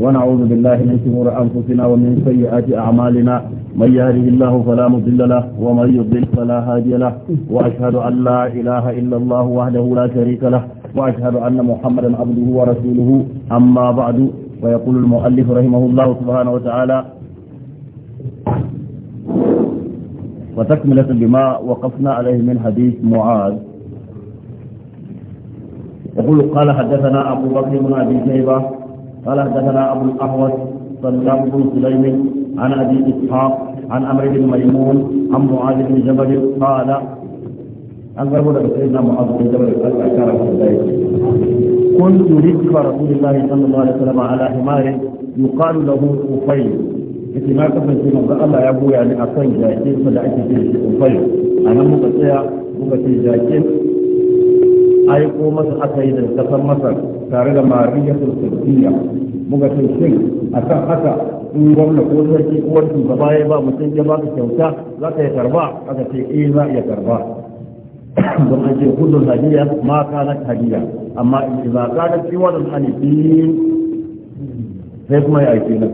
ونعوذ بالله من شرور انفسنا ومن سيئات اعمالنا من يهده الله فلا مضل له ومن يضلل فلا هادي له واشهد ان لا اله الا الله وحده لا شريك له واشهد ان محمدا عبده ورسوله اما بعد ويقول المؤلف رحمه الله سبحانه وتعالى وتكملة لما وقفنا عليه من حديث معاذ يقول قال حدثنا أبو بكر بن أبي شيبة قال حدثنا أبو الأحوص صدام بن سليم عن أبي إسحاق عن أمر بن ميمون عن معاذ بن جبل قال أن ربنا سيدنا معاذ بن جبل قال أشار كنت رزق رسول الله صلى الله عليه وسلم على حمار يقال له أفيل yake ما كنت في Allah الله goya يعني akan jakin sa da ake أنا shi Ufayl anan aiko masa aka yi daga kasar masar tare da mariya sulfiya muka ce shin a kan haka in gwamna ko sarki uwar shugaba ya ba mutum ya ba ka kyauta za ka yi karba aka ce eh za iya karba don an ce kudin hadiya ma kanat hadiya amma idza kanat fi wadan hanifin sai kuma ya aike nan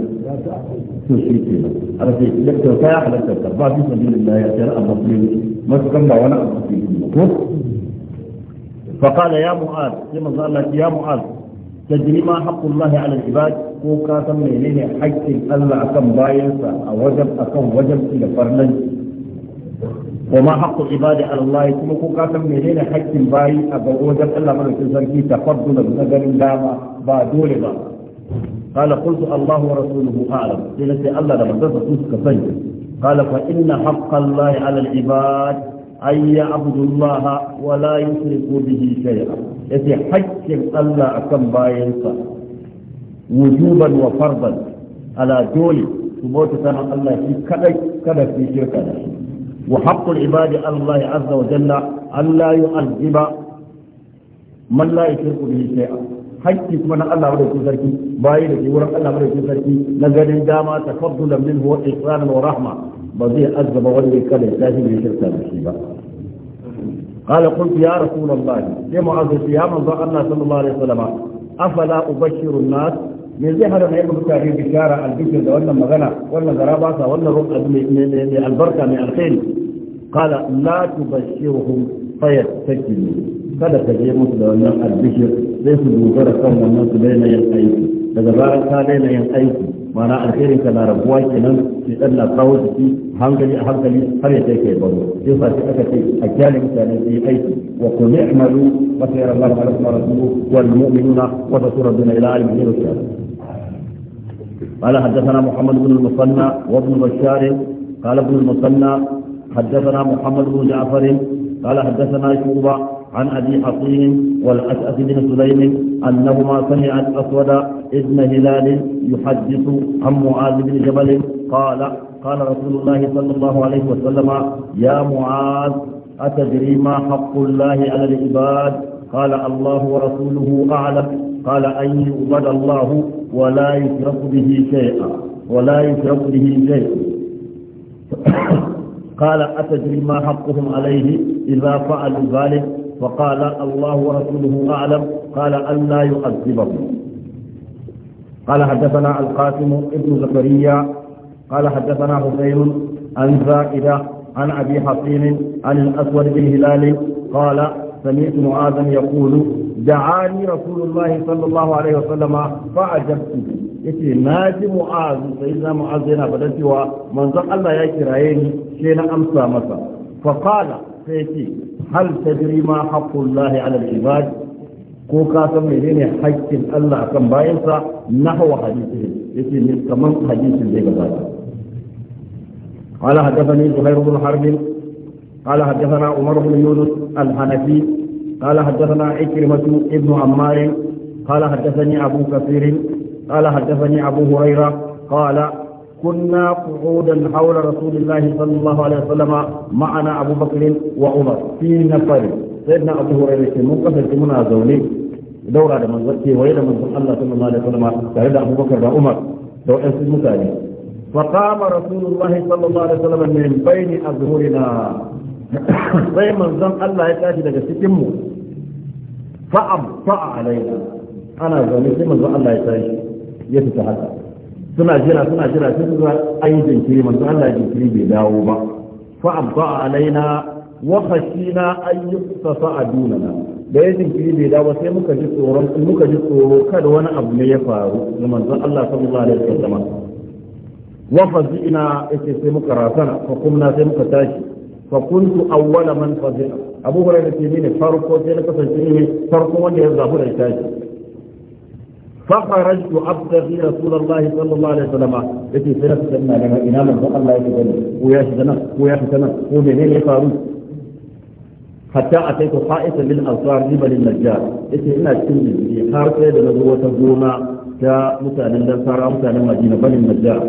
to shi ke nan a rafe kyauta ya halatta ba fi sabilillah ya tsara a musulmi masu kan ba wani abu ke yi ko فقال يا معاذ كما قال يا معاذ تدري ما حق الله على العباد ko ka san menene haƙƙin Allah akan bayansa a wajen akan wajen da farnan ma haqqu ibadi ala ko ka san menene haƙƙin bayi a wajen Allah madaukakin sarki tafaddula na ganin dama ba dole ba qala qultu Allah wa rasuluhu a'lam sai Allah da manzon su suka sani qala fa inna ibad ay ya'budullaha wa la yushriku bihi shay'a yace haƙƙin Allah akan bayansa wujuban wa farban ala dole su bauta sanan Allah shi kadai kada su shirka da shi wa haqqul ibadi Allah azza wa jalla an la yu'azziba man la bihi shay'a hakki kuma na Allah madaukakin sarki bayi da ke wurin Allah madaukakin sarki na ganin dama tafaddulan minhu wa ihsanan wa rahma ba zai azaba wanda ya kada ya shi shirka da shi ba قال قلت يا رسول الله يا معاذ يا من الله صلى الله عليه وسلم افلا ابشر الناس من زي هذا ما يقول تاري بشارة البشر ده ولا مغنى ولا غراباسة ولا رقعة من البركة من الخير قال لا تبشرهم فيتسجلوا kada ka je musu da wannan albishir sai su dogara kan wannan su daina yin aiki daga zarar ka daina yin aiki mana alherin ka na rabuwa kenan sai dan na kawo jiki hankali a hankali har ya kai kai baro sai sa aka ce a kyale mutane su yi aiki wa ku ni'malu wa sayar Allah ta rabu rasuluhu wal mu'minuna wa tasuraduna ila alihi wa قال حدثنا محمد بن المصنع وابن بشار قال ابن المصنع حدثنا محمد بن جعفر قال حدثنا يوبا عن أبي حصين والأسأس بن سليم أنهما سمع الأسود ابن هلال يحدث عن معاذ بن جبل قال قال رسول الله صلى الله عليه وسلم يا معاذ أتدري ما حق الله على العباد قال الله ورسوله أعلم قال أن يعبد الله ولا يشرك به شيئا ولا يشرك به شيئا قال أتدري ما حقهم عليه إذا فعلوا ذلك وقال الله ورسوله أعلم قال ألا يعذبهم قال حدثنا القاسم ابن زكريا قال حدثنا حسين عن زائدة عن أبي حصين عن الأسود بن هلال قال سمعت معاذا يقول دعاني رسول الله صلى الله عليه وسلم فعجبت yace na ji mu'az sai na mu'az yana fadan cewa manzon Allah ya kiraye ni sai na amsa masa fa qala sai yace hal tadri ma haqqullahi 'ala al-ibad ko ka san menene haƙƙin Allah akan bayansa hawa hadisi yace ne kaman hadisin da gabata قال حدثني زهير بن حرب قال حدثنا عمر بن يونس الحنفي قال حدثنا عكرمة ابن عمار قال حدثني أبو كثير قال حدثني أبو هريرة قال كنا قعودا حول رسول الله صلى الله عليه وسلم معنا أبو بكر وعمر في نفر سيدنا أبو هريرة منقصد منا زولي دورة من زكي وإلى من الله صلى الله عليه وسلم سيدنا أبو بكر وعمر لو أنسى المتالي فقام رسول الله صلى الله عليه وسلم من بين أظهرنا sai manzon Allah ya tashi daga cikinmu fa'am fa'a alaina ana zaune sai manzon Allah ya tashi ya fita haka suna jira suna jira sai su ga an yi jinkiri manzo Allah jinkiri bai dawo ba fa abqa alaina wa khashina an yuftasa adunana da ya jinkiri bai dawo sai muka ji tsoron muka ji tsoro kada wani abu ne ya faru da manzon Allah sallallahu alaihi wasallam wa fazina yake sai muka rasana fa kumna sai muka tashi fa kuntu awwala man fazina abu hurairah ce ne farko sai na kasance ne farko wanda ya zabu da tashi فخرجت ابتغي رسول الله صلى الله عليه وسلم يتي سنه سنه لما امام الله يقول ويا سنه ويا سنه ومنين يفعلوا حتى اتيت خائفا من انصار جبل النجار يتي انا كنت في حركه لنزوه تزونا كمتان الانصار متان المدينه بني النجار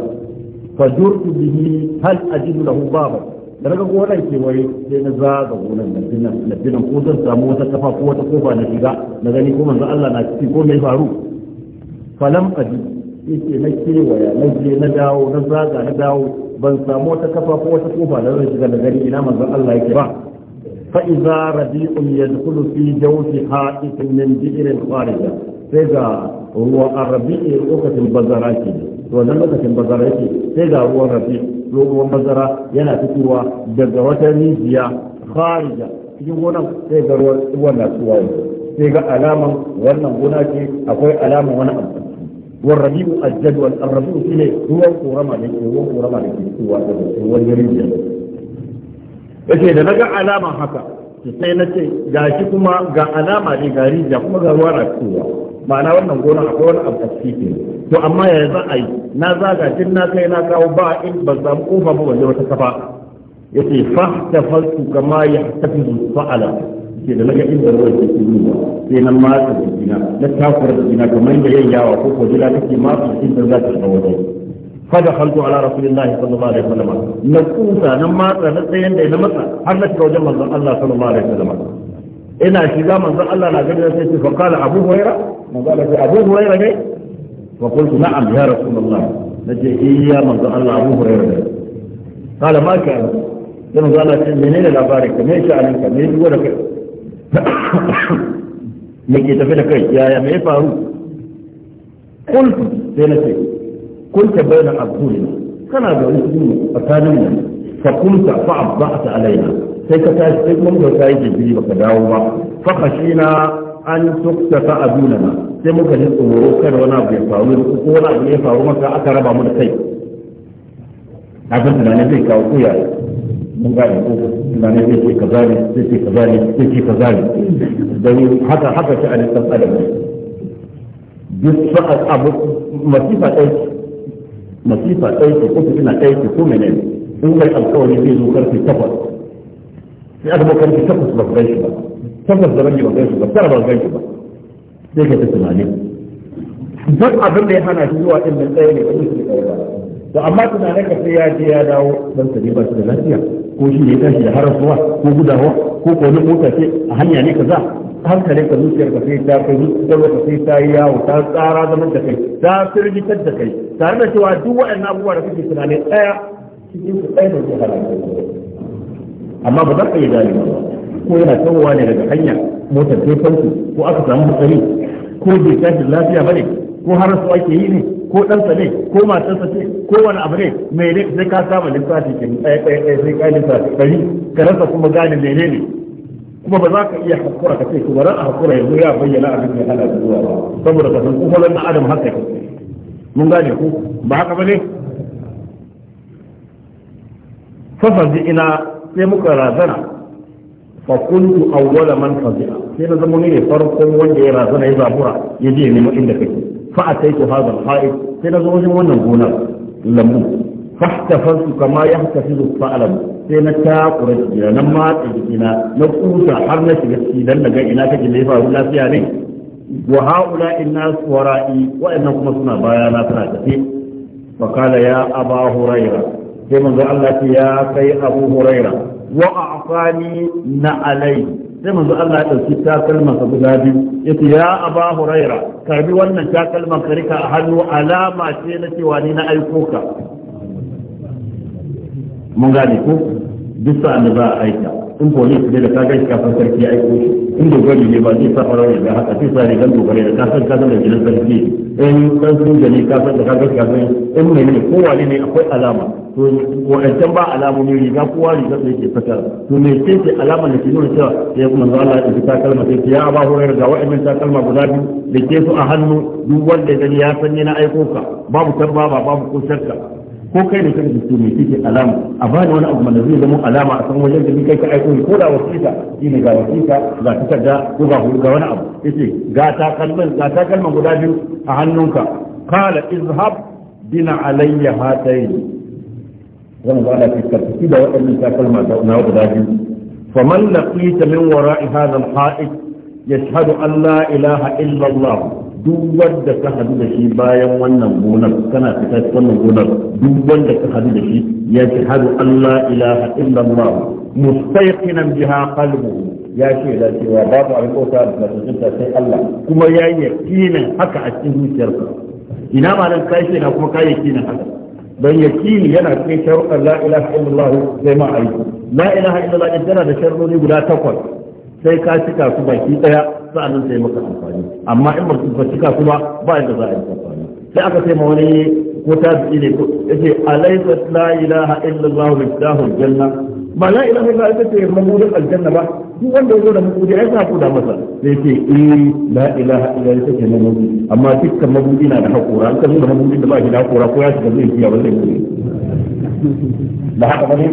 فجرت به هل اجد له بابا da daga gonan kewaye sai na zaga gonan da dinan da dinan ko zan samu wata kafa ko wata kofa na shiga na gani ko manzo Allah na ciki ko mai faru falam adi yake na kewaya na je na dawo na zaga na dawo ban samu wata kafa ko wata kofa da zan shiga da gari ina manzon Allah yake ba fa iza rabi'un yadkhulu fi jawfi haqiqin min bi'rin qarija sai ga ruwan arabi'i lokacin bazara ke to wannan lokacin bazara yake sai ga ruwan rabi ruwan bazara yana fitowa daga wata rijiya kharija cikin gonan sai ga ruwan na tsuwaye sai ga alaman wannan gona ce akwai alaman wani abu والربيع الجدول الربيع فيه هو ruwan لك ne قرما لك هو هو الجريد yake da naga alama haka sai na ce ga shi kuma ga alama ne ga rijiya kuma ga ruwa na fitowa ma'ana wannan gona akwai wani abu a ciki to amma ya za a yi na zaga tun na kai na kawo ba in ban samu kofa ba wanda wata kafa yace fa ta tafaltu kama ya tafi fa'ala ke da naga inda ruwan ke turuwa sai nan matsa da jina na takura da jina kamar da yayyawa ko ko jina take matsa da inda za ta shiga waje فدخلت على رسول الله صلى الله عليه وسلم نقوسا نما نتسين ده نمسا har na shiga wajen manzon Allah sallallahu alaihi wasallam ina shiga manzon Allah na gani sai ce faqal Abu Huraira manzon Allah Abu Huraira ne fa qultu na'am ya rasulullah nace iya manzon Allah Abu Huraira ne qala ma ka sai manzon Allah ce menene labarin ka me sha'anin ka me duwa da kai me ke tafi da kai yaya me ya faru kuntu sai na ce kunta bayan abdulina kana da wani tsini tsakanin mu fa kunta fa abba'ta alaina sai ka tashi sai kuma muka kai ba baka dawo ba fa khashina an tukta fa abulana sai muka ji tsoro kada wani abu ya faru ko wani abu ya faru maka aka raba mu da kai abin tunanin zai kawo kuyaye mun gane ko ina ne zai ce kaza ne zai ce kaza ne zai ce kaza ne dan haka haka shi a lissan adam duk sa'ad abu masifa ɗaya masifa ɗaya ko fitina ɗaya ko menene in kai alƙawari zai zo karfe takwas sai aka bakar ki takwas ba gan shi ba takwas da rage ba gan shi ba tara ba gan shi ba sai ka ta tunani duk abin da ya hana shi zuwa ɗin nan ɗaya ne ba zai ce ɗaya ba to amma tunanin ka sai ya je ya dawo dan sa ba shi da lafiya ko shi ne tashi da harasuwa ko gudawa ko ko ne mota ce a hanya ne kaza hankalin ka zuciyar ka sai ta kai da ka sai ta yi yawo ta tsara zaman da kai ta firgitar da kai tare da cewa duk waɗannan abubuwa da kake tunani ɗaya cikin su ɗaya da zai amma ba za ka yi ko yana tsawowa ne daga hanya motar sai fanku ko aka samu hatsari ko bai tashi lafiya ne, ko su ake yi ne ko ɗansa ne ko matarsa ce ko wani abu ne mai ne sai ka samu lissafi ke ɗaya ɗaya ɗaya sai ka lissafi ɗari ka rasa kuma gane mene ne kuma ba za ka iya haƙura ka ce ku bari a hakura yanzu ya bayyana abin da hana zuwa ba saboda ka san kuma na adam haka ke mun gane ku ba haka ba ne fafazi ina sai muka razana fa man sai فكنت أول من فزع سينا زموني فرق وان يرازنا إذا برا يجي من عندك fa akai ta hada alfa'id sai na zo wajen wannan gonar lambu fahtafasu kama ya tafi hafizu fa'alam sai na takura jira nan ma a na kusa har na shiga ciki da daga ina kake ne faru lafiya ne wa haula inna swara'i wa kuma suna baya na tana tafi fa kala ya aba hurayra sai manzo Allah ya kai abu hurayra wa afani na alai sai manzo Allah ya dauki takalman sa guda biyu yace ya Aba Huraira karbi wannan takalman ka rika a hannu alama ce na cewa ni na aiko ka mun gane ko duk sa'an da za a aika in polis ne da ka gan kafin sarki ya aiko shi in dogari ne ba zai sa farar riga haka sai sa rigar dogari da kasan kasan da gidan sarki in san sun gani kasan da ka gan kafin in mai ne ko wani ne akwai alama to wa'ancan ba alamomin riga kowa riga sai ke fitar to me ce ce alamar da ke nuna cewa sai kuma zuwa Allah ya ta kalma sai ya ba horar ga wa'annan ta kalma guda biyu da ke su a hannu duk wanda ya gani ya san ne na aiko ka babu tabba ba babu ko shakka ko kai ne kake to me ce alama a bani wani abu da zai zama alama a san wajen da ni kai ka aiko ni ko da wasita shine ga wasita ga takarda ko ga ga wani abu yace ga ta kalman ga ta kalma guda biyu a hannunka qala izhab bina alayya hatayn zan zala fi karfi da waɗannan takalma ta na guda biyu faman laqita min wara'i hadha al-ha'id yashhadu an la ilaha illa Allah duk wanda ka hadu da shi bayan wannan gonar kana fita cikin wannan gonar duk wanda ka hadu da shi ya shahadu an la ilaha illa Allah biha qalbuhu ya ce da cewa babu abin bauta da tsakinta sai Allah kuma ya yi yakinin haka a cikin zuciyarsa ina ma nan kai na kuma kai yakinin haka don yakini yana kai sharuɗan la ilaha illallah sai ma aiki la ilaha illallah din tana da sharuɗi guda takwas sai ka cika su baki daya sa'annan sai maka amfani amma in ba cika su ba ba yadda za a yi amfani sai aka ce ma wani ko ta ne ko yace alaysa la ilaha illallah miftahul janna ba la ilaha illa ita ce mabudin aljanna ba duk wanda yazo da mabudi ai sa ku da masa sai ce eh la ilaha illa ita ce mabudi amma dukkan mabudi na da hakura an kazo da mabudin da ba shi da hakura ko ya shiga zai fiya ba zai kure da haka ba ne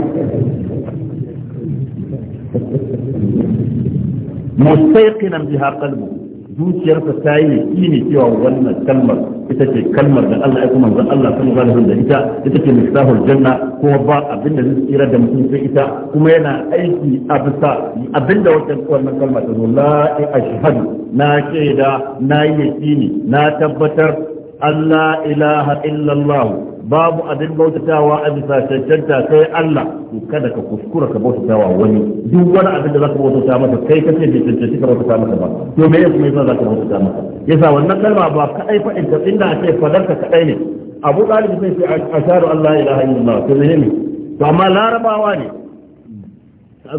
mustaqinan biha qalbuhu zuciyarsa ta yi yakini cewa wannan kalmar ita ce kalmar da Allah ya kuma Allah sallallahu alaihi ita ita ce miftahul janna kuma ba abin da zai tsira da mutum sai ita kuma yana aiki a bisa abin da wata wannan kalmar ta zo la ashhadu na shaida na yakini na tabbatar an ilaha illallah babu abin bautatawa a bisa cancanta sai Allah to kada ka kuskura ka bautatawa wani duk wani abin da zaka bautata masa kai ka ce bai cancanci ka bautata masa ba to me yasa zaka bautata masa yasa wannan kalma ba kadai inda ake fadar ka kadai ne Abu Talib sai sai asharu Allah ilaha illallah to to amma larabawa ne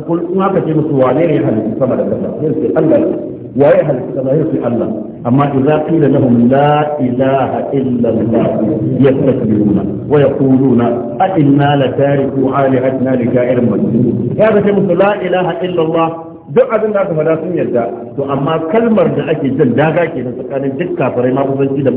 kun haka ce musu wane ne sama da kasa sai Allah waye sama sai Allah أما إذا قيل لهم لا إله a inna يستكبرون ويقولون أئنا لتاركوا آلهتنا لكائر مجنون يا بشر لا إله إلا الله duk abin da aka fada sun yarda to amma kalmar da ake jin daga ke tsakanin duk kafirai ma kusanci da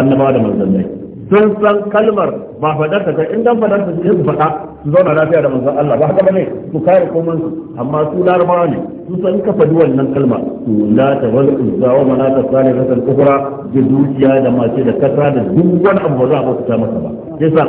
annabawa da manzannai sun san kalmar ba fadar ta kai in dan fadar ta sai su faɗa su zauna lafiya da manzon Allah ba haka bane su kare komai su amma su larabawa ne su san ka faɗi wannan kalma to la ta wal uzza wa manata ta ukhra da dukiya da mace da kasa da duk wani abu ba za a bauta masa ba yasa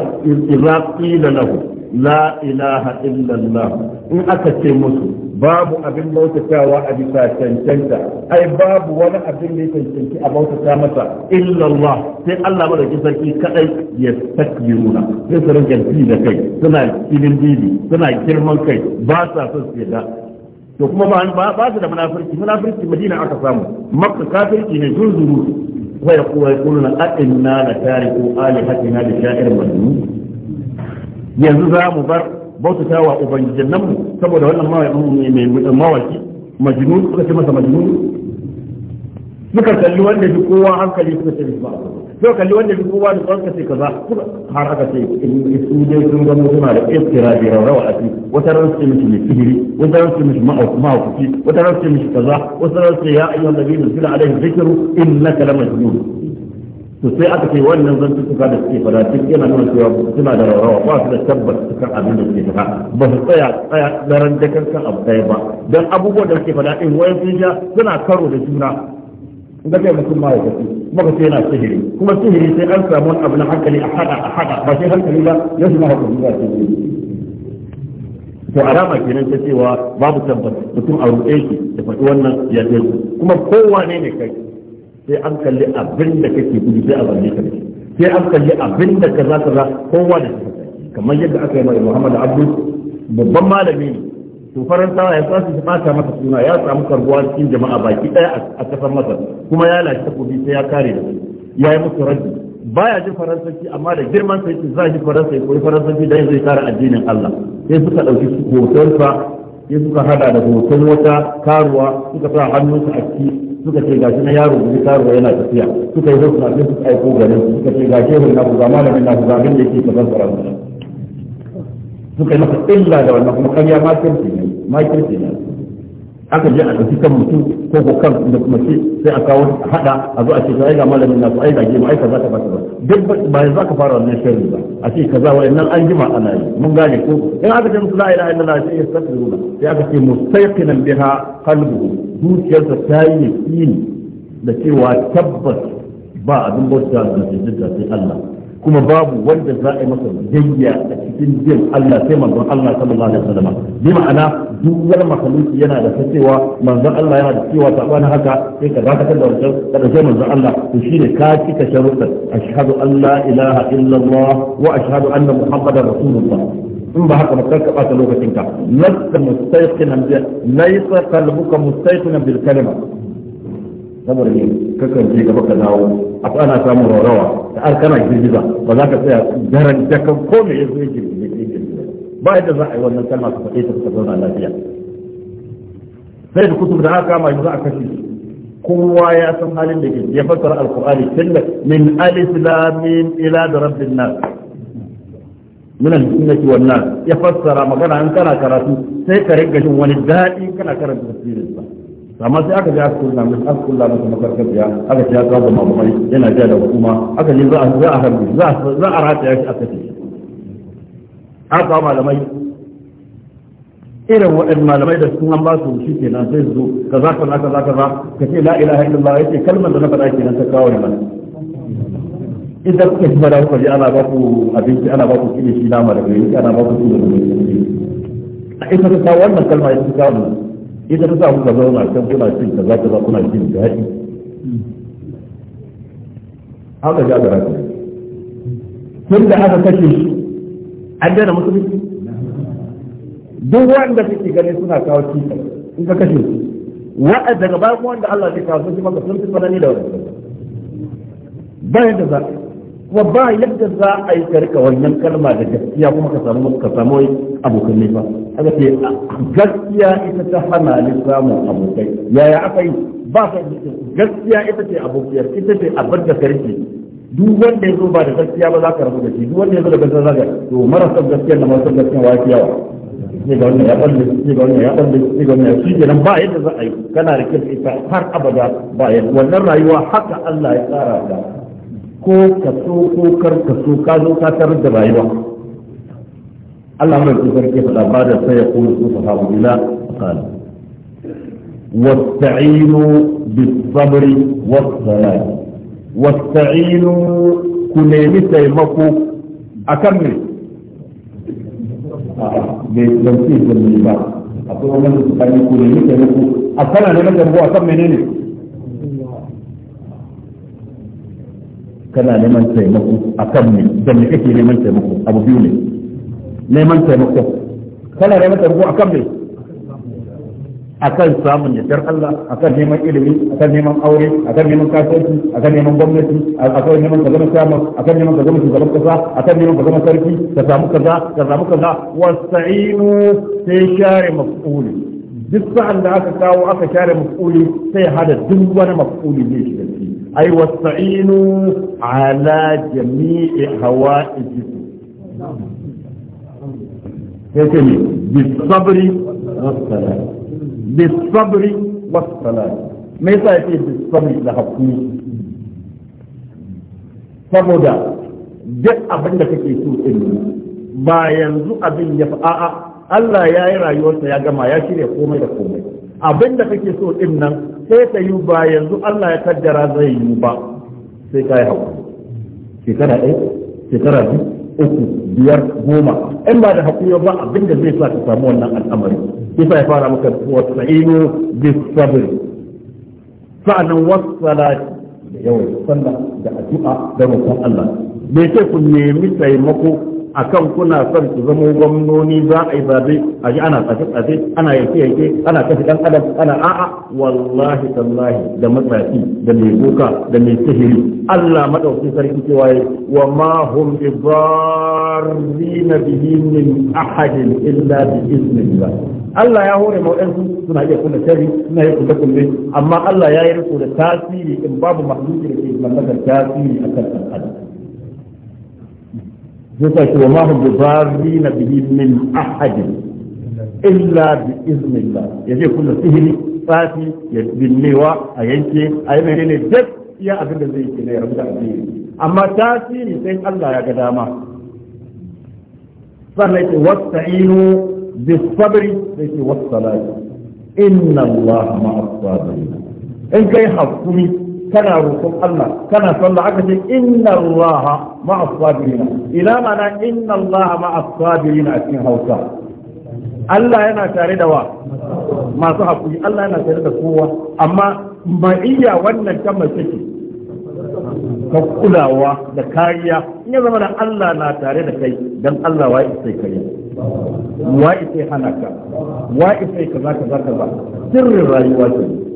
iraqi lahu la ilaha illa in aka ce musu babu abin bautatawa a bisa cancanta ai babu wani abin da ya cancanci a bautata masa illallah sai Allah madaukin sarki kadai ya takbiruna sai su rinka ji da kai suna filin bibi suna girman kai ba sa son su yadda to kuma ba ba su da munafurci munafurci madina aka samu makka kafirci ne zunzuru wa yaquluna atinna la tariku alihatina li sha'ir majnun yanzu za mu bar bautata wa ubangijinnan mu saboda wannan mawaki majnun suka ce masa majnun suka kalli wanda bi kowa hankali suka ce ba suka kalli wanda bi kowa da suka ce kaza har aka ce su dai sun ga mutuna da da rawa a wata ran sai sihiri wata ran wata ran kaza wata ran ya ayyuhan nabiyyu sallallahu alaihi wa sallam innaka lamajnun to sai aka ce wannan zan zantuttuka da suke fada duk yana nuna cewa suna da rawa ba su da tabbas kan abin da suke fada ba su tsaya tsaya daren dakar kan abu ɗaya ba dan abubuwan da suke fada in wayan sun sha suna karo da juna da kai mutum ma ya tafi maka sai yana sihiri kuma sihiri sai an samu abu na hankali a hada a hada ba sai hankali ba ya shi ma hakuri ba sai to alama kenan ta cewa babu tabbas mutum a ruɗe shi da faɗi wannan ya kuma kowane ne kai sai an kalli abin da kake gudu sai a zarge ka sai an kalli abin da kaza kaza kowa da shi kamar yadda aka yi mai Muhammad Abdul babban malami ne to faransawa ya kwasu su bata masa suna ya samu karbuwa cikin jama'a baki daya a kasar Masar kuma ya lashe takobi sai ya kare da su ya yi musu raddi baya jin faransanci amma da girman sai ki za ji faransa ya koyi faransanci da zai kare addinin Allah sai suka dauki hotonsa sai suka hada da hoton wata karuwa suka sa hannunsa a ciki suka ce gashi na yaro guji karo yana tafiya suka yi wasu na sun suka aiko gare su suka ce gashi yaro na na malamin na kuzama abin da yake ka fassara su suka yi masa illa da wannan kuma karya ma kirki ne ma kirki ne aka je a ɗauki kan mutum ko ko kan da mace sai a kawo haɗa a zo a ce ai ga malamin nasu ai ga gima ai kaza ka bata ba duk ba yanzu ka fara wannan sharri ba a ce kaza wayannan an jima ana yi mun gane ko in aka ce musu la ilaha illallah sai ya sakiruna sai aka ce mustayqinan biha qalbuhu zuciyarsa ta yi yaqini da cewa tabbas ba abin bauta da sai Allah kuma babu wanda za a yi masa jayya a cikin jin Allah sai manzon Allah sallallahu alaihi wasallam bi ma'ana duk wani makhluki yana da ta cewa manzon Allah yana da cewa ta bani haka sai ka zaka tada wancan ka da sai manzon Allah to shine ka kika sharuɗa ashhadu an la ilaha illallah wa ashhadu anna muhammadar rasulullah in ba haka ba ka bata lokacin ka lasta mustayqinan bi laysa qalbuka mustayqinan bil kalima saboda ne kakan je gaba ka dawo a ana samun rawa da an kana girgiza ba za ka tsaya daren dakan ko me yazo yake girgiza ba yadda za a yi wannan kalma ka faɗe ta ka zauna lafiya sai da kutub da aka kama yanzu a kashe su kowa ya san halin da ke ya fassara alqur'ani tilla min alif lam mim ila da rabbin nas min al-jinnati wan nas ya fassara magana an kana karatu sai ka rinka jin wani dadi kana karanta tafsirin sa amma sai aka ja su na mutum aka kula masa biya aka ja za da mamamai yana ja da hukuma aka ne za a harbi za a ya shi a kashe aka malamai irin waɗanda malamai da sun an ba su shi kenan sai su zo kaza za ka za ka ce la ilaha illallah ce kalmar da na faɗa kenan ta kawo ne idan kuka shi mara kuka ji ana ba ku abinci ana ba ku kiɗe shi nama da gari ana ba ku kudi da gari a ita ta wannan kalmar ya ta kawo ita ta sa kuka zauna kan kuna cin kaza kaza kuna cin daɗi haka ja gara ta tun da aka kashe shi an daina musulunci duk wanda kake gani suna kawo cikin in ka kashe su wa'a daga bayan wanda Allah ya kawo shi maka sun fi sanani da wani ba yadda za kuma ba yadda za a yi karka wannan kalma da gaskiya kuma ka samu abokan ne ba aka ce gaskiya ita ta hana ni samun abokai yaya aka yi ba ka gaskiya ita ce abokiyar ita ce abin da karfi duk wanda ya zo ba da gaskiya ba za ka rabu da shi duk wanda ya zo da gaskiya za ka to san gaskiya da san gaskiya wa yawa ne ga wannan ya balle ne ga wannan ya balle ne ga wannan shi kenan ba yadda za a yi kana rike da ita har abada ba yadda wannan rayuwa haka Allah ya tsara ta ko ka so ko kar ka so ka zo ka tarar da rayuwa Allah mai kusar ke faɗa ba da sai ya kuma su sahabu ila qala wasta'inu bis-sabri was-salat wasta'inu ku nemi taimako akan ne bai zance zance ba taimako akan ne ne da me kake neman taimako abu ne neman taimako kana neman taimako akan me akan samun yardar Allah akan neman ilimi akan neman aure akan neman kasuwanci akan neman gwamnati akan neman ka zama sama akan neman ka zama shugaban kasa akan neman ka zama sarki ka samu kaza ka samu kaza wasta'inu sai share maf'uli duk sa'an da aka kawo aka share maf'uli sai hada duk wani maf'uli ne shi da shi ai wasta'inu ala jami'i hawa'i sai ce ne bisabri wasala bisabri wasala me yasa yake bisabri da hakuri saboda duk abin da kake so din ba yanzu abin ya fa a'a Allah ya yi rayuwarsa ya gama ya shirya komai da komai abin da kake so din nan sai ta yi ba yanzu Allah ya kaddara zai yi ba sai ka yi hakuri shekara ɗaya shekara biyu uku biyar goma in ba da hakuri ba abin da zai sa ka samu wannan al'amari yasa ya fara maka wasa'inu bisabr sa'annan wasalati da yawan sallah da addu'a da roƙon Allah bai ce ku nemi taimako akan kuna son ku zama gwamnoni za a yi zabe a ji ana tsafe tsafe ana yake yake ana kashe dan adam ana a'a wallahi tallahi da matsafi da mai kuka da mai sihiri Allah madaukakin sarki cewa yi wa ma hum bidarrina bihi min ahadin illa bi iznillah Allah ya hore ma'aikatu suna iya kunna shari suna iya kunna kunne amma Allah ya yi riko da tasiri in babu mahluki da ke mallakar tasiri akan dan يقول وما هم بضارين به من احد الا باذن الله يجي كل سهل فاتي يبني وا ايتي اي من الجد يا ابن الذي كنا رب العالمين اما تاتي لسين الله يا قداما فرنيت واستعينوا بالصبر والصلاه ان الله مع الصابرين ان كي حفظني kana rukun Allah kana sallah aka ce inna Allah ma'a sabirin ina mana inna Allah ma'a sabirin a cikin Hausa Allah yana tare da wa masu haƙuri Allah yana tare da kowa amma ma'iyya wannan ta mace ce ka kulawa da kariya in ya zama da Allah na tare da kai dan Allah wa sai kai wa isai hana ka wa isai kaza kaza kaza sirrin rayuwa ce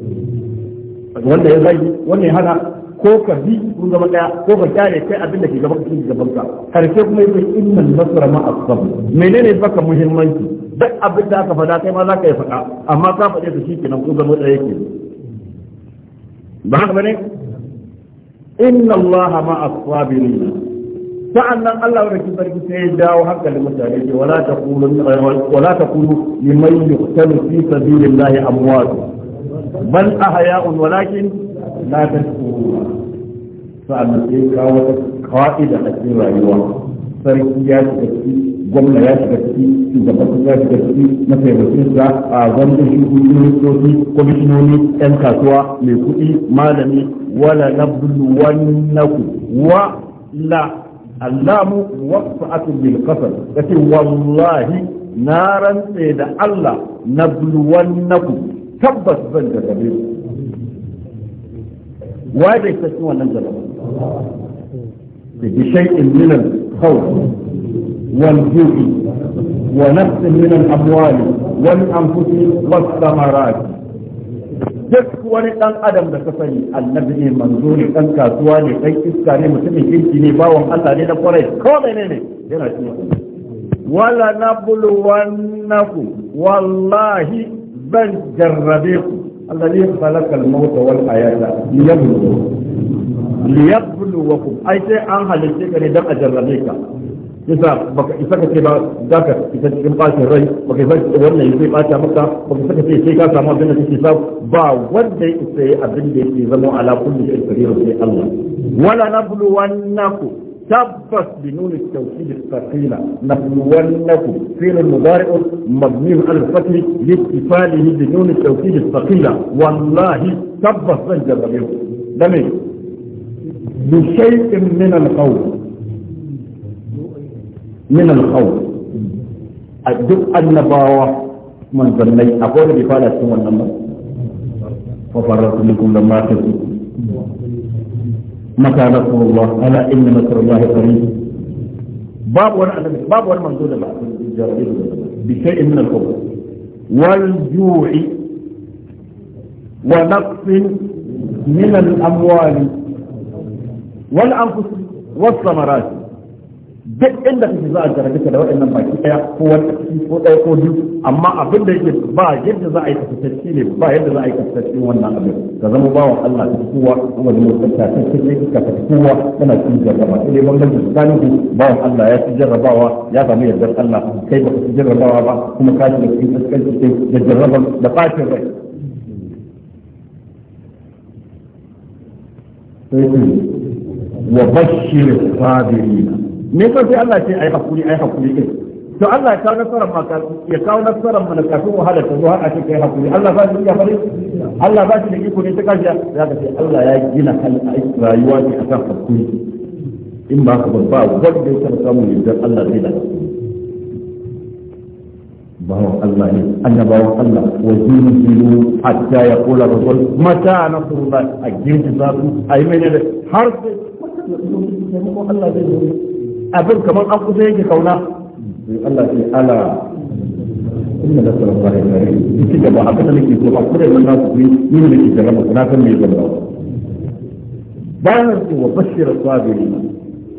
wanda ya zagi wanda ya hana ko ka bi kun zama daya ko ka kyale kai abin da ke gaban ka gaban ka karshe kuma yace innal nasra ma asbab menene baka muhimmanci duk abin da aka faɗa kai ma za ka yi faɗa amma ka faɗe su shikenan kun zama daya ke ba haka bane inna allaha ma asbabirin sa'an nan Allah wa rikin sarki sai ya dawo hankalin mutane ce wala ta kulu liman yuqtalu fi sabilillahi amwatu bal ahya'un walakin la tashkuruna sa'an sai kawo ka'ida a cikin rayuwa sarki ya shiga ciki gwamna ya shiga ciki shugaban ya shiga ciki na mataimakin sa a gwamnan shugabanci kwamishinoni yan kasuwa mai kuɗi malami wala nabluwannaku wa la allamu waqfa'atu bil qasam yace wallahi na rantse da Allah nabluwannaku tabbas zan jarrabe su wai bai sassi wannan da jarraba da bishai in minan kawai والجوع ونفس من الأموال والأنفس والثمرات duk wani ɗan adam da ka sani annabi ne manzo ne ɗan kasuwa ne ɗan iska ne mutumin kirki ne bawan Allah ne na kwarai ko ne ne yana cikin wala nabluwannakum wallahi ban jarrabe ku alladhi khalaqa al-mauta wal hayata liyabluwakum liyabluwakum ai sai an halitta ka ne da a jarrabe ka yasa baka isa ka ce ba za ka isa cikin bacin rai baka isa wannan zai bata maka baka isa ka ce sai ka samu abin da kake sa ba wanda ya isa abin yake zama ala kulli shay'in qadir sai Allah wala تبت بنون التوحيد الثقيلة نبلونكم فين المضارع مبني على الفتح لاتفاله بنون التوحيد الثقيلة والله تبت من جبريل لمن بشيء من القول من القول الدب النباوة من ظني أقول بفالة سوى النمر ففرقت لكم لما تكون نصر الله ألا إن مكر الله قريب باب ولا باب ولا منزول بشيء من الخبز والجوع ونقص من الأموال والأنفس والثمرات duk inda kake za a jarabe ka da waɗannan baki ɗaya ko wani ciki ko ɗaya ko biyu amma abin da yake ba yadda za a yi kasatacci ne ba yadda za a yi kasatacci wannan abin ka zama bawan Allah ta kowa kuma zama kasatacci ne ka ta kowa kana cikin jarraba sai ban da tsakanin ku bawan Allah ya ci jarrabawa ya samu yardar Allah kai ba ka ci jarrabawa ba kuma ka ci cikin kaskanci da jarraban da fatin rai sai wa bashir sabirin me ko sai Allah ce ai hakuri ai hakuri din to Allah ya kawo nasarar ma ka ya kawo nasarar ma ka kuma wahala ta zo har a cikin hakuri Allah ba shi da fare Allah ba shi da iko ne ta kashi za ka ce Allah ya gina rayuwa ne akan hakuri in ba ka ba wanda ya samu yardar Allah zai da باو الله أن باو الله وزلزلوا حتى يقول الرسول متى نصر الله أجيب ذاته أي من هذا حرف الله abin kamar an kusa yake kauna Allah ya ala inna da sallallahu alaihi wa sallam kike ba haka nake so ba kudai nan nasu ku ni ne nake jarraba kuna san me zan ba bayan ce wa bashir sabirin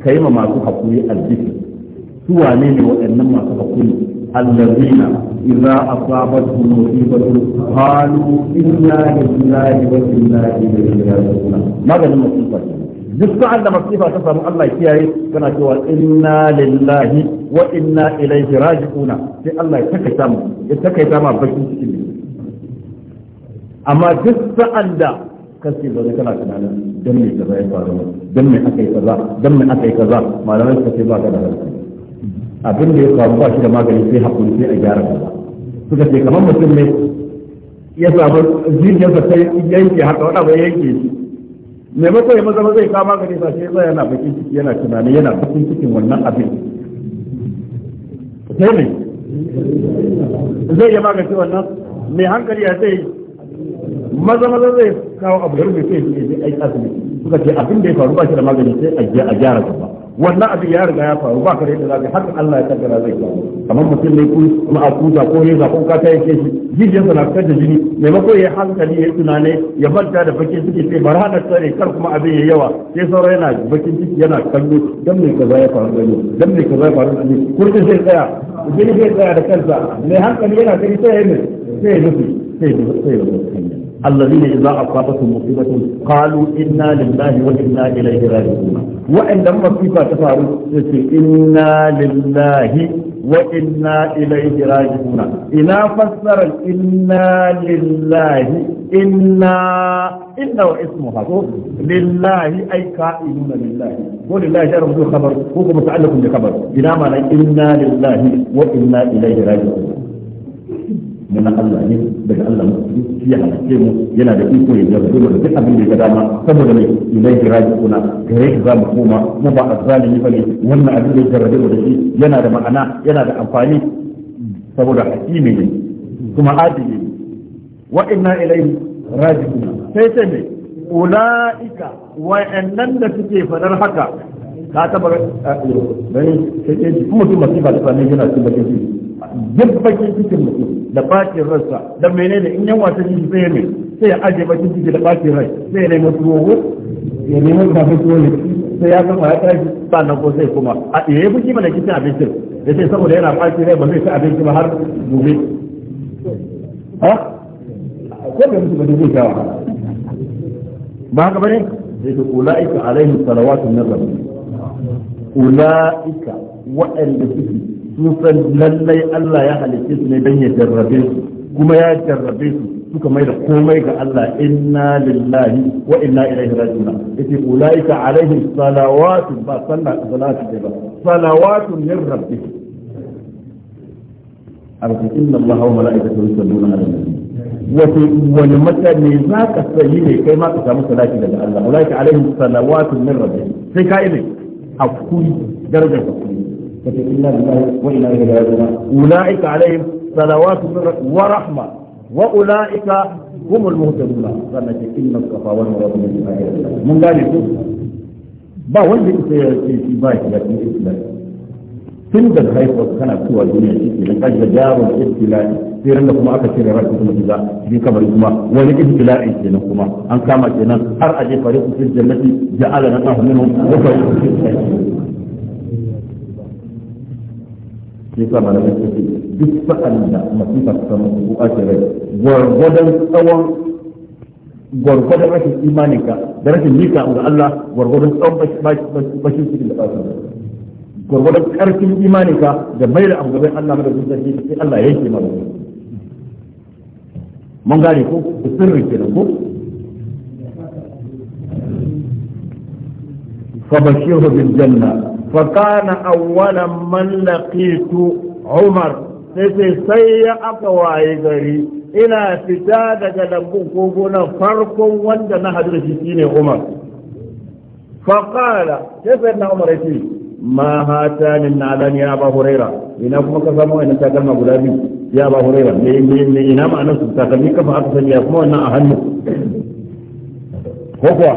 kai ma masu hakuri albiki su wane ne waɗannan masu hakuri الذين إذا أصابتهم مصيبة قالوا إنا لله وإنا إليه راجعون ماذا المصيبة؟ duk sa'an da masifa ta samu Allah kiyaye kana cewa inna lillahi wa inna ilaihi raji'una sai Allah ya takaita mu ya takaita ma bakin cikin ne amma duk sa'an da kace ba kana tunanin dan me kaza ya faru dan me aka yi kaza dan me aka yi kaza malamai suka ce ba ka da hankali abin da ya faru ba shi da magani sai hakuri sai a gyara kaza suka ce kamar mutum ne ya samu zuciyarsa sai yanke haka wanda bai yanke shi maimakon ya maza maza ya kama ga ne sai yana bakin ciki yana tunani yana bakin cikin wannan abin sai ne zai iya magance wannan me hankali ya sai maza maza zai kawo abu da rubuce sai ya je aiki suka ce abin da ya faru ba shi da magani sai a gyara gaba wannan abin ya riga ya faru ba kare da yadda zaka har Allah ya kaddara zai faru kamar mutum ne ku kuja ko ne zakon ka ta yake shi jijiyar sa na fitar da jini maimakon ya hankali ya tunane ya manta da bakin ciki sai bar hada tsare kar kuma abin ya yawa sai sauran yana bakin ciki yana kallo dan me kaza ya faru gani dan me kaza ya faru gani kurkin sai tsaya jini sai tsaya da kansa mai hankali yana gani sai ya yi sai ya nufi sai ya nufi الذين إذا أصابتهم مصيبة قالوا إنا لله وإنا إليه راجعون وإن لم مصيبة تفعلوا إنا لله وإنا إليه راجعون إنا فسر إنا لله إنا إنا واسمها لله أي كائنون لله ولله جرم خبر هو متعلق بخبر إنا ما إنا لله وإنا إليه راجعون mu na Allah ne daga Allah mu ya halice mu yana da iko ya jarrabe mu da duk abin da ya dama saboda mai ilaihi raji'una gare ka za mu koma mu ba azzalimi bane wannan abin da ya jarrabe mu da shi yana da ma'ana yana da amfani saboda hakimi ne kuma adili ne wa inna ilaihi raji'una sai sai mai ulaika wa'annan da suke fadar haka ka taba dan eh, sai kuma mutum masifa da sanin yana cikin bakin duk bakin cikin mutum da bakin rassa da menene in yan wata zai sai mai sai ya aje bakin ciki da bakin rai sai ya nemi tuwo ya nemi kafin tuwo ne sai ya kama ya tashi sannan ko sai kuma a ɗaya buki mana kicin abincin da sai saboda yana bakin rai ba zai ci abinci ba har gobe ha ko bai mutu ba zai sha wahala ba haka bane sai kula ula'ika alaihim salawatu min rabbihim ula'ika waɗanda suke sun san lallai Allah ya halicce su ne don ya jarrabe su kuma ya jarrabe su suka mai da komai ga Allah inna lillahi wa inna ilaihi raji'un yace ulaika alaihim salawatu ba sallah salatu ba salawatu min rabbihim arzu inna Allah wa mala'ikatahu yusalluna 'alan nabi wato wani mutane za ka sayi ne kai ma ka samu salati daga Allah ulaika alaihim salawatu min rabbihim sai ka ile akuri darajar akuri إنا بالله وإنا إليه راجعون أولئك عليهم صلوات ورحمة وأولئك هم المهتدون فما إن الصفا والمروة من الآية من ذلك ba wanda ita ya ce shi ba shi da cikin islam tun da haihuwa kana cewa duniya shi ke nan kaji da jaron istilai sai ran da kuma aka cire ran kuma kiza shi kamar kuma wani istilai ke nan kuma an kama kenan har aje fariqu fil jannati ja'alana Allahu minhum wa fariqu fil jannati yasa sa malamai su ce duk sa'an da masifa ta samu ko ake rai gwargwadon tsawon gwargwadon rashin ka da rashin mika ga Allah gwargwadon tsawon bashin su da basu gwargwadon karfin ka da mai da abubuwan Allah da madadin sarki sai Allah ya yanke mana mun gane ko sirri kenan ko fa bashiru bil janna فكان أولا من لقيت عمر sai sai ya aka waye gari ina fita daga lambun kogo na farkon wanda na hadu da shi shine Umar faqala sai sai na Umar yace ma hata na alani ya Huraira ina kuma ka samu wannan takalma guda biyu ya Huraira me ina ma'anar su takalmi kafa aka kuma wannan a hannu ko kuwa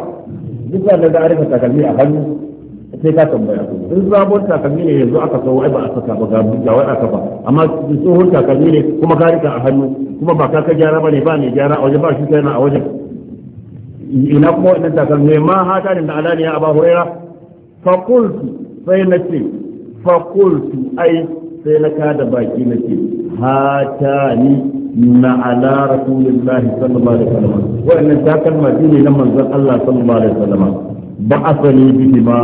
duk da da arifin takalmi a hannu sai ka tambaya in sabon takalmi ne yanzu aka sau ai ba a saka ba ga wai aka ba amma tsohon takalmi ne kuma ka rika a hannu kuma ba ka ka gyara ba ne ba ne gyara a waje ba shi kai na a waje. ina kuma wannan takalmi ma hata ne da alaniya a ba hurera fa qultu sai na ce fa qultu ai sai na ka da baki na ce hata ni na ala rasulillahi sallallahu alaihi wasallam wannan takalma ne na manzon Allah sallallahu alaihi wasallam ba'athani bihima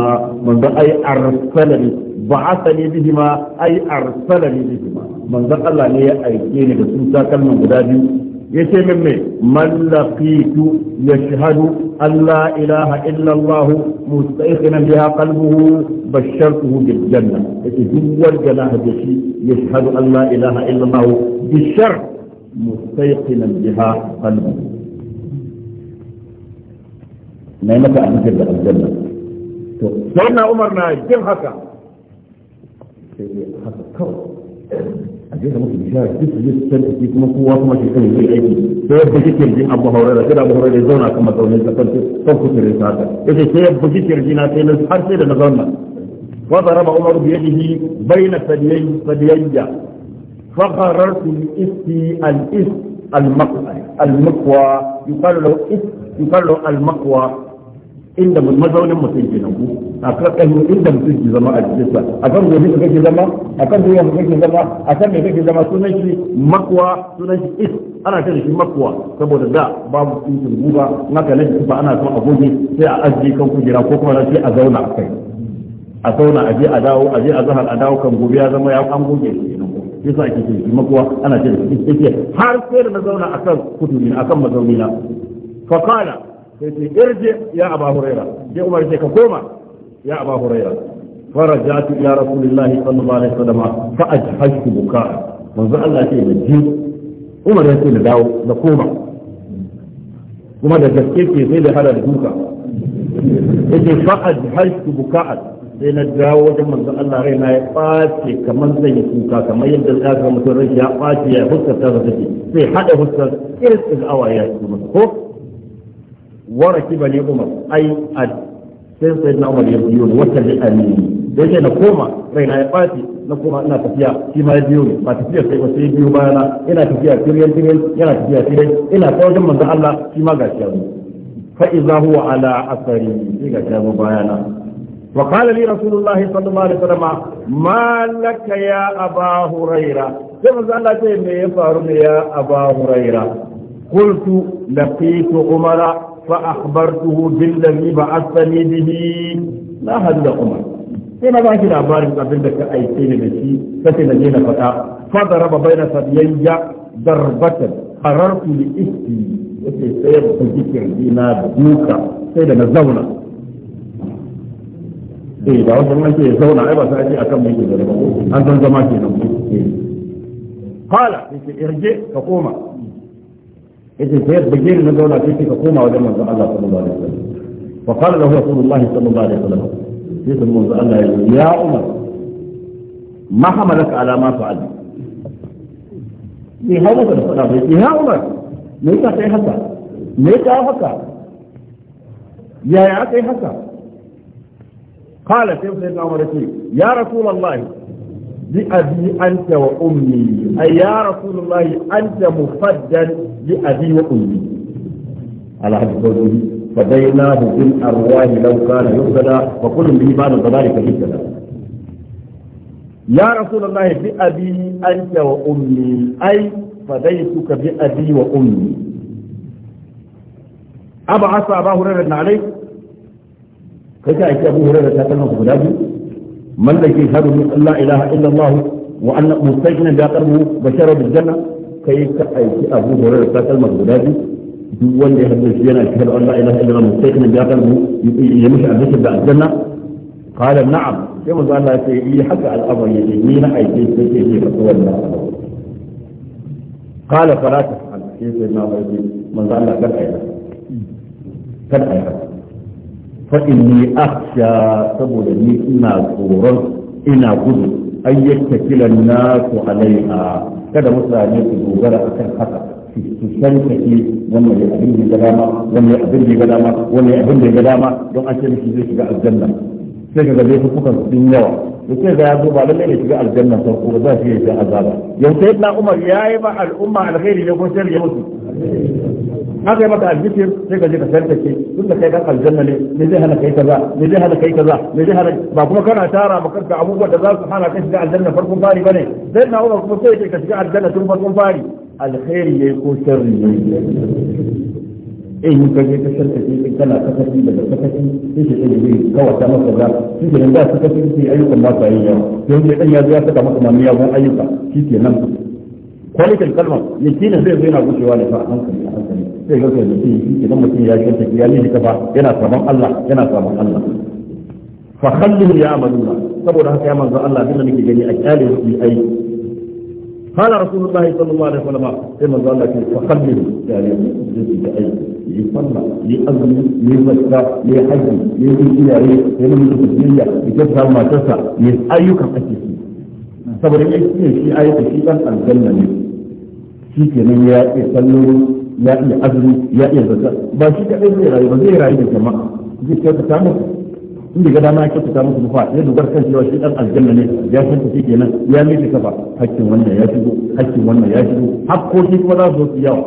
manzo ai arsalani ba'athani bihima ai arsalani bihima manzo Allah ne ya aike ni da su takalman guda biyu yace min me mallaqitu yashhadu an la ilaha illa Allah mustaqina biha qalbuhu bashartuhu bil janna yace duk wanda na hadashi yashhadu an la ilaha illa biha na yi maka abin da aljanna to sai na umar na jin haka sai dai haka kawai a jirga musu bishara duk su su san take kuma kowa kuma shi kan zai aiki sai yadda kike jin abu haurara kada abu haurara ya zauna kan mazaunin sa kan kan kusurin sa haka yace sai yadda kike jin na sai har sai da na zauna وضرب عمر بيده بين ثديي ثديي فقررت الاسي الاس المقوى المقوى يقال له اس يقال له المقوى inda mazaunin mutum ke nan ku a kan inda mutum ke zama a cikin sa a kan gobe ka kake zama a kan duniya ka kake zama a kan me kake zama sunan shi makwa sunan shi is ana ta shi makwa saboda da babu cikin guba naka ne ba ana son a gobe sai a ajiye kan kujera ko kuma sai a zauna a kai a zauna a je a dawo a je a zahar a dawo kan gobe ya zama ya an goge shi nan yasa ake cikin makwa ana ta da shi har sai da na zauna akan kuturi akan mazaunina fa qala sai ce irji ya aba huraira sai umar ce ka koma ya aba huraira فرجعت الى رسول الله صلى الله عليه وسلم فاجهشت بكاء manzo Allah ce da ji umar ya ce da dawo da koma kuma da gaske ke sai da hada da duka yace fa'ad hajju buka'at sai na dawo wajen manzo Allah rai na ya bace kamar zan yi kuka kamar yadda za ka mutum rai ya bace ya huskar ta take sai hada huskar irin awaye ya ko waraki bani umar ai sai sai na umar ya biyo wata da amini da yake na koma raina ya ɓaci na koma ina tafiya shi ya biyo ne ba tafiya wasu ya biyo bayana ina tafiya tiriyan tiriyan yana tafiya tiriyan ina ta wajen manzon Allah shi ma gashi ya zo fa iza huwa ala asari shi gashi bayana wa qala li rasulullahi sallallahu alaihi ya huraira sai manzon me ya faru ne ya aba huraira qultu laqitu umara فأخبرته بالذي بعثني به لا هذا أمر إن ما كنا بارم قبل ذلك أي سين بشي فتن لنا فتاة فضرب بين سبيين جاء ضربة قررت لإسمي وفي سير تذكر لنا بيوكا سيدة نزونا إيه بعض الله كي يزونا عبا أكم من جزء لبقوه زمان كي قال إرجع فقوما إذن سيد بجير من دولة كيف تقوم وجمع الله صلى الله عليه وسلم فقال له رسول الله صلى الله عليه وسلم سيد المنزع الله يا عمر ما حملك على ما فعل في هذا الصلاة يا عمر ميتا في حتى ميتا حتى يا يا حتى قال سيدنا عمر يا رسول الله لأبي أنت وأمي أي يا رسول الله أنت مفدا لأبي وأمي على حد قوله فديناه بالأرواح لو كان يهتدى وكل به بعد ذلك جدا يا رسول الله بأبي أنت وأمي أي فديتك بأبي وأمي أبعث أبا هريرة عليك كيف أبو هريرة تتنصف ذلك من الذي يشهد ان لا اله الا الله وان مستيقنا بقلبه بشر بالجنه كيف يكون ابو هريره ذات المقبولات دول اللي يشهد ان لا اله الا الله مستيقنا بقلبه يمشي على بعد الجنه قال نعم يوم قال لا سيدي حتى الامر يمين اي سيدي في قال فلا تفعل سيدنا ابو من ظن لا ايضا قد ايضا فإني أخشى سبب لي إنا كورا إنا كورا أن يتكل الناس عليها كذا مثلا أن يكتبوا غرا حقا في السلسة في ومن يأبن لي ومن يأبن لي ومن يأبن لي غلاما دون أشياء في ذلك في الجنة وكذا يضرب على ليلة الجنة فهو ذا فيه في عذابه يوم سيدنا عمر يا إبا الأمة على غير يوم سيدنا na kai maka azzikir sai ka je ka sarkace tun da kai dan aljanna ne me zai hana kai kaza me zai hana kai kaza me zai hana ba kuma kana tara maka kanka abubuwan da za su hana kai shiga aljanna farkon fari bane sai na umar kuma sai ka shiga aljanna tun farkon fari alkhairi ne ko sharri ne eh, in ka je ka sarkace in kana kasafi daga kasafi sai shi sai zai kawata maka da shi ke nan da suka fi ayyukan masu yawa yanzu dan ya zo ya saka maka mamiya ayyuka shi ke nan kwalitin kalmar yakinin zai zai yana gushewa ne fa hankali hankali sai ga kai mutum idan mutum ya shirka ya ne ka ba yana sabon Allah yana sabon Allah fa khallu ya amaluna saboda haka ya manzo Allah abinda nake gani a kyale su ai قال رسول الله صلى الله عليه وسلم كما قال لك فخلل يعني جزء أي يصلى يأذن يزكى يحج يجي إلى ريح يلم الدنيا يجبها ما تسع يأيك أكيد saboda ya ce shi a shi ɗan aljanna ne shi ke nan ya yi sallori ya iya azumi ya iya zata ba shi kaɗai zai rayu ba zai rayu da jama'a zai ta musu in daga dama ya ta musu ba ya dubar kan cewa shi ɗan aljanna ne ya san shi ke nan ya miƙe kafa hakkin wannan ya shigo hakkin wannan ya shigo hakkoki kuma za su su yawa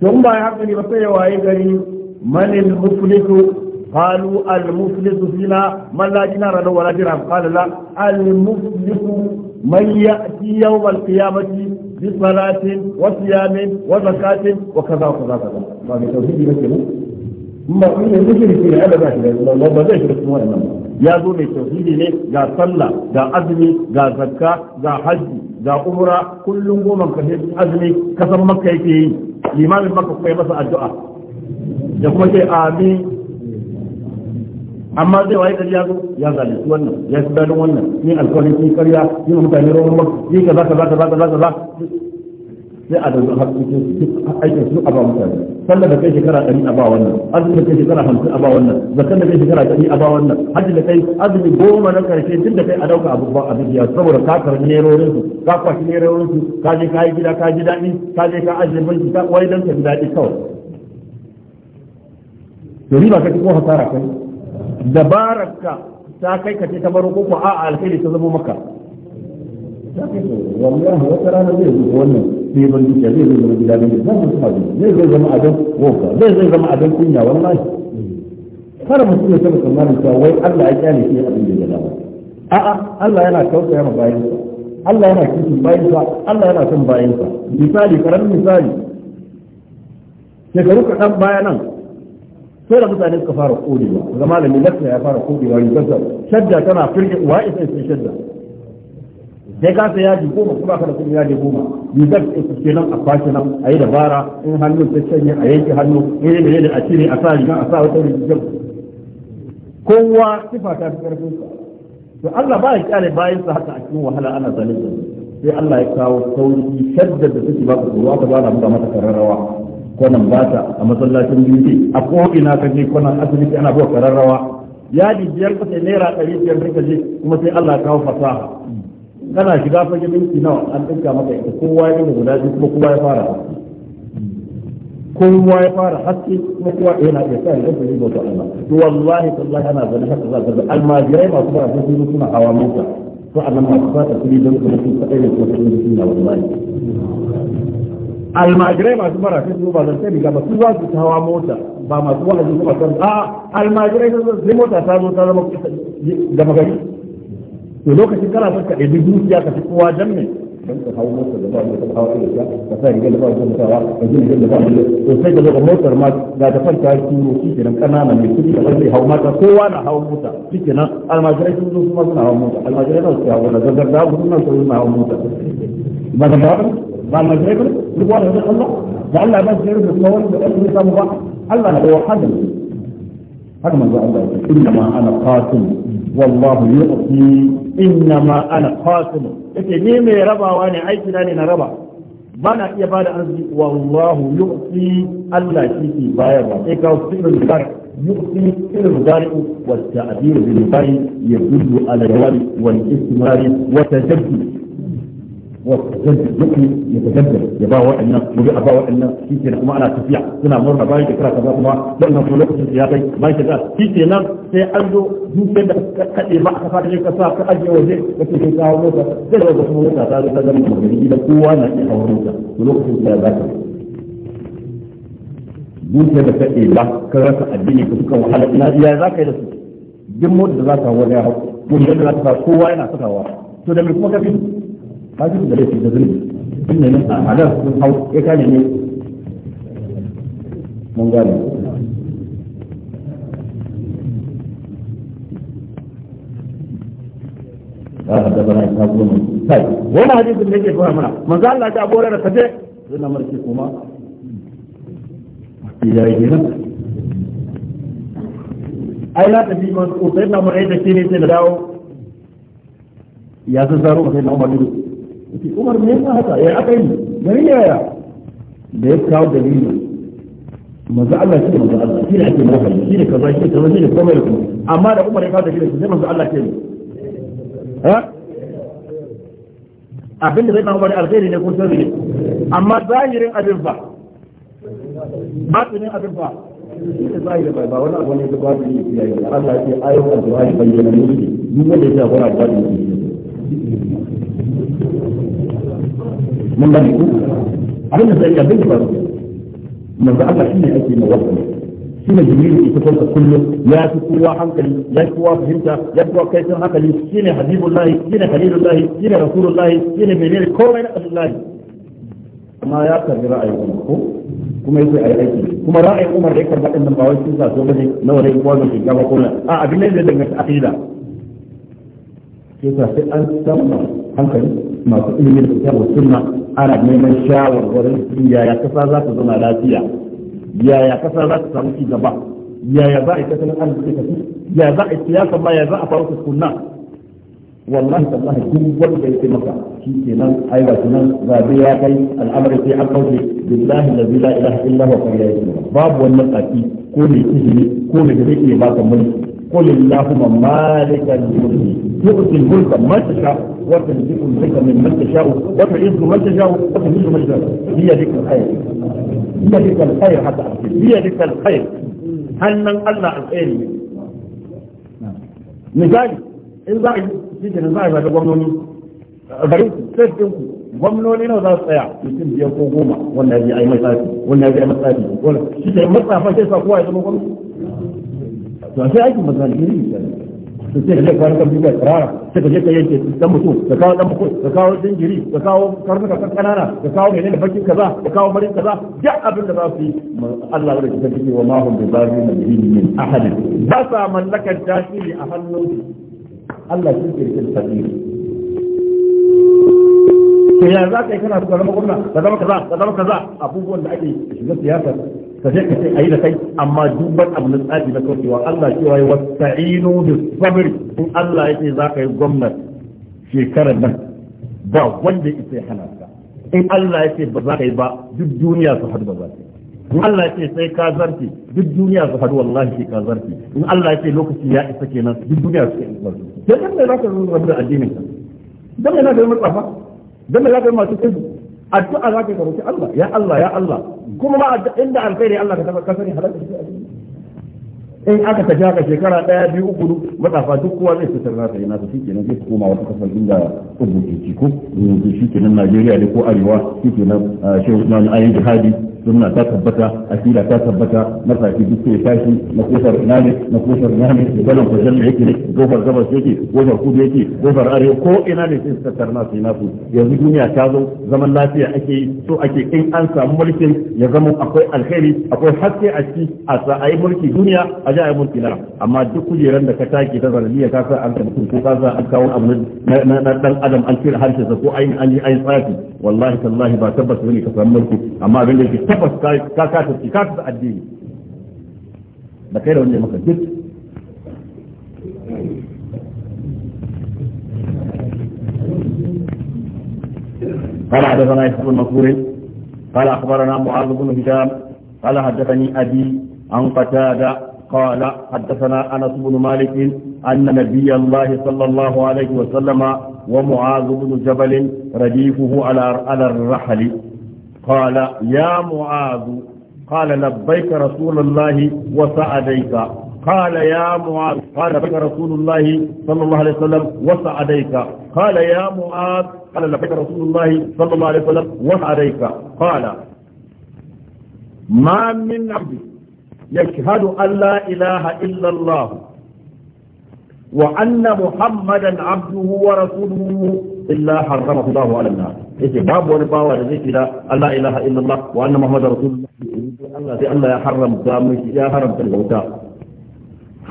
tun ba ya haƙari ba sai ya waye gari manin mufliku قالوا المفلس فينا من لا دينار له ولا درهم قال لا المفلس من يأتي يوم القيامة بصلاة وصيام وزكاة وكذا وكذا وكذا ما في توحيد مثله ما في ذكر في هذا ذاك ما بدأش رسمه النمو ya zo mai tauhidi ne ga sallah ga azumi ga zakka ga hajji ga umra kullum goma kashe azumi kasan makka yake yi limamin makka kuma masa addu'a da kuma ce amin amma zai waye kariya zo ya zalunci wannan ya fi dalin wannan ni alkawarin ni karya ni mutane rawan wani ni kaza kaza kaza kaza za sai a dauki hakkokin cikin aikin su a ba mutane sallar da kai shekara ɗari a ba wannan azumi da kai shekara hamsin a ba wannan zakar da kai shekara ɗari a ba wannan hajji da kai azumi goma na karshe tun da kai a dauka abu ba abu biya saboda ka karbi nerorin su ka kwashi nerorin su ka je ka yi gida ka ji daɗi ka je ka ajiye banki ka wai dan ka ji daɗi kawai. Yori ba ka ci ko hasara kai. dabararka ta kai ka ce ta baro ko ko a alheri ta zama maka wallahi wata rana zai zo wannan sai ban dukiya zai zama gida ne zai zama sabi zai zai zama adam wofa zai zai zama adam kunya wallahi kada mutum ya tabbata tsammanin ta wai Allah ya kyale shi abin da ya dama a'a Allah yana tausaya ma bayan sa Allah yana kishin bayan sa Allah yana son bayan sa misali karamin misali shekaru kaɗan baya nan sai da mutane suka fara kodewa ga malami lafiya ya fara kodewa yi gasa shadda tana firge wa isa isa shadda sai ka sai yaji goma kuma ka da kuma yaji goma yi zan isa ke nan a kwashe nan a yi dabara in hannu ta canye a yanke hannu in yi mene da a cire a sa riga a sa wata rigar kowa sifa ta fi karfin sa to Allah ba ya kyale bayan sa haka a cikin wahala ana zalunta sai Allah ya kawo sauri shadda da take ba ku ruwa ta ba da mata kararrawa kwanan bata a masallacin biyu a ko'ina ka je kwanan asibiti ana buwa kararrawa yadi biyar ka sai naira ɗari biyar ka je kuma sai Allah kawo fasaha kana shiga fage minti nawa an ɗinka maka ita kowa ya ɗinka guda biyu kuma kowa ya fara kowa ya fara haske kuma kowa yana iya sa ya zai bauta Allah to wallahi tallahi ana zane haka za ka ga almajirai masu ba a sun suna hawa mota to masu fata kuri don su mutu kaɗai ne kuma su suna wallahi almajirai masu mara su ba zan sani ba su za su ta hawa mota ba masu wa'azi su masu a almajirai sun zai mota ta zo ta zama da gari to lokacin kana son ka ɗebi dukiya ka fi kowa jan ne don ka da ba mu ta hawa ka sa rigar da ba mu ta hawa ka ji da ba mu to sai ka zo motar ma ga ta fanta shi kenan kanana zai kowa na mota shi kenan almajirai sun zo kuma suna mota almajirai da mota ba da ba بعد ما تعبر يقول الله يقول الله جعل الله بس يعبر بالصور بقلب نسام وبعض الله هو حجم حجم الله الله إنما أنا قاتل والله يؤتي إنما أنا قاتل إذا نيمي ربا وأنا عايز لاني نربا بنا يا بعد أنزل والله يؤتي الله يؤتي بايبا إيكاو سيكو الزكار يؤتي كل الزكار والتعبير بالزكار يدل على الجواب والاستمرار والتجدد يجري يتجدد يباوع الناس وبيأباوع الناس في سنة وما أنا تفيع سنة مرة باي كرا كذا كما لأنه في لوقت السياقي باي كذا في سنة سيألو يمكن كأي ما أخذ لك ساعة كأي وجه في ساعة ونوسة زي لو بسمو لك هذا هذا من المغرب إذا قوة نحن حوالوسة في لوقت السياقي dukiyar da kaɗe ba ka rasa addini ka suka wahala ina ya za ka yi da su duk mota da za ka kafin da laifi da zulmi in ne a halar sun hau ya kane ne mun gane wani hadisin da yake fara mana manzo Allah ta gore da kaje zuna marki kuma ya yi nan ai na tafi ma ko sai na mu rai da ne sai da dawo ya san zaro sai na umar duk yake umar ne ya haka ya aka yi gari yaya da ya kawo dalilin manzo Allah shi manzo Allah shi ne ake shi ne kaza shi ne kaza shi ne kuma da kuma amma da umar ya kawo dalilin sai manzo Allah ke ne ha abinda zai kawo alkhairi ne ko sirri amma zahirin abin ba ba ba wani abu ne da babu yi من بني أوفر عندنا زي بيت برضه من بعد شنو يأتي موضوع شنو جميل يتكون كله يا تقوى حمك يا تقوى فهمت يا تقوى كيف هناك يسكين حبيب الله يسكين خليل الله يسكين رسول الله يسكين بنير كل من أهل الله ما يأكل رأي أمك كما يقول أي أي كما رأي أمر ريك بعد أن بعوض سيدا زوجي لو ريك بعوض سيدا كما قلنا آه أبينا إذا دعنت أخيرا كيف سأل سمع حمك ما تقول من الكتاب والسنة ana neman shawarwarin yaya kasa za ta zama lafiya yaya kasa za ta samu gaba yaya za a yi tattalin arziki tafi yaya za a yi siyasa ma yaya za a faru kunna wallahi tallahi duk wanda yake maka shi kenan ai ga sunan zabe ya kai al'amari sai an kauce billahi la ilaha illa huwa babu wannan tsaki ko ne izini ko ne da zai iya baka mulki قل اللهم مالك الملك تؤتي الملك من تشاء وتنزل الملك من من تشاء وتعز من تشاء وتهز من تشاء هي ذكر الخير هي ذكر الخير حتى أكيد هي ذيك الخير هل من قال لها الخير مثال نعم. الزعي سيدنا الزعي هذا قمنوني بريد سيد جنكو قمنوني نوضا الصياع يتم بيوكو قوما والنبي أي مصادي والنبي أي مصادي والنبي أي مصادي والنبي أي مصادي to sai aikin banza ne irin shi to sai kaje kwana kan bibiya tsirara sai kaje ka yanke dan mutum ka kawo dan mutum ka kawo jinjiri ka kawo karnuka kan kanana ka kawo mai da bakin kaza ka kawo marin kaza duk abin da za su yi Allah ya rike take wa ma hum bi zalim min ahad ba sa mallakar tasiri a hannun Allah shi ke rike tasiri to ya za ka yi kana su zama gwamna ka zama kaza ka zama kaza abubuwan da ake shiga siyasa ka je ka ce ayi da kai amma duk wani abu na tsari na kaucewa Allah ce ya wasta'inu bis sabr in Allah yake za ka yi gwamnati shekarar nan ba wanda yake hana ka in Allah yake ba za ka yi ba duk duniya su hadu ba za ka in Allah ce sai ka zarfi duk duniya su haɗu wallahi sai ka zarfi in Allah ce lokaci ya isa kenan duk duniya su kai zarfi dan me za ka rubuta addinin ka dan me za ka yi matsafa dan me za ka yi masu addu'a za ka yi roƙi Allah ya Allah ya Allah kuma ma inda alkhairi Allah ka taba ka sani halaka shi in aka tafi haka shekara daya biyu uku matsafa duk kowa zai fitar na ta yana su shikenan zai koma wata kasar inda ubu ke ko shikenan Najeriya ne ko Arewa shikenan uh, shehu na ayin jihadi sunna ta tabbata akida ta tabbata masaki duk sai tashi na kusar ina ne na kusar ina ne galan ko jami'a yake ne kofar gabas yake kofar kudu yake kofar arewa ko ina ne sai su tattarna su ina su yanzu duniya ta zo zaman lafiya ake yi so ake in an samu mulkin ya zama akwai alheri akwai haske a ciki a sa a yi mulki duniya a ji a yi mulki lara amma duk kujeran da ka take ta zanadiyya ka sa an ka mutum ko ka sa an kawo abu na dan adam an cire sa ko an yi an yi tsafi wallahi tallahi ba tabbas bane ka samu mulki amma abin da ke. takwas ka kafirci ka kasa addini da kai da wanda maka duk قال حدثنا يحيى بن مسرور قال اخبرنا معاذ بن هشام قال حدثني ابي عن قتاده قال حدثنا انس بن مالك ان نبي الله صلى الله عليه وسلم ومعاذ بن جبل رديفه على على الرحل قال يا معاذ قال لبيك رسول الله وسعديك قال يا معاذ قال لبيك رسول الله صلى الله عليه وسلم وسعديك قال يا معاذ قال لبيك رسول الله صلى الله عليه وسلم وسعديك قال ما من عبد يشهد أن لا إله إلا الله وأن محمدا عبده ورسوله إلا حرم الله على النار إذا باب ورباء ورزيك إلى لا إله إلا الله وأن محمد رسول الله الله سأل الله يحرم دامك يا حرم تلوتا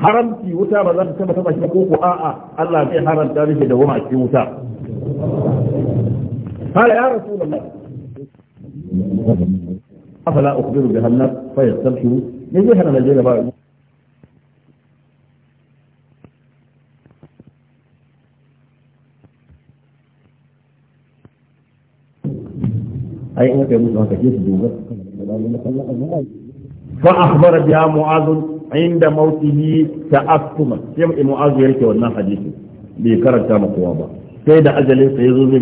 حرم في وتا ما لم تسمى سمى شكوك آآ الله في حرم دامك دوما في وتا قال يا رسول الله أفلا أخبر بها النار طيب، من جهة نجيحنا نجيحنا ai in kai musu haka ke su inda mautihi ta'assuma sai bai karanta ba sai da ajalin yazo zai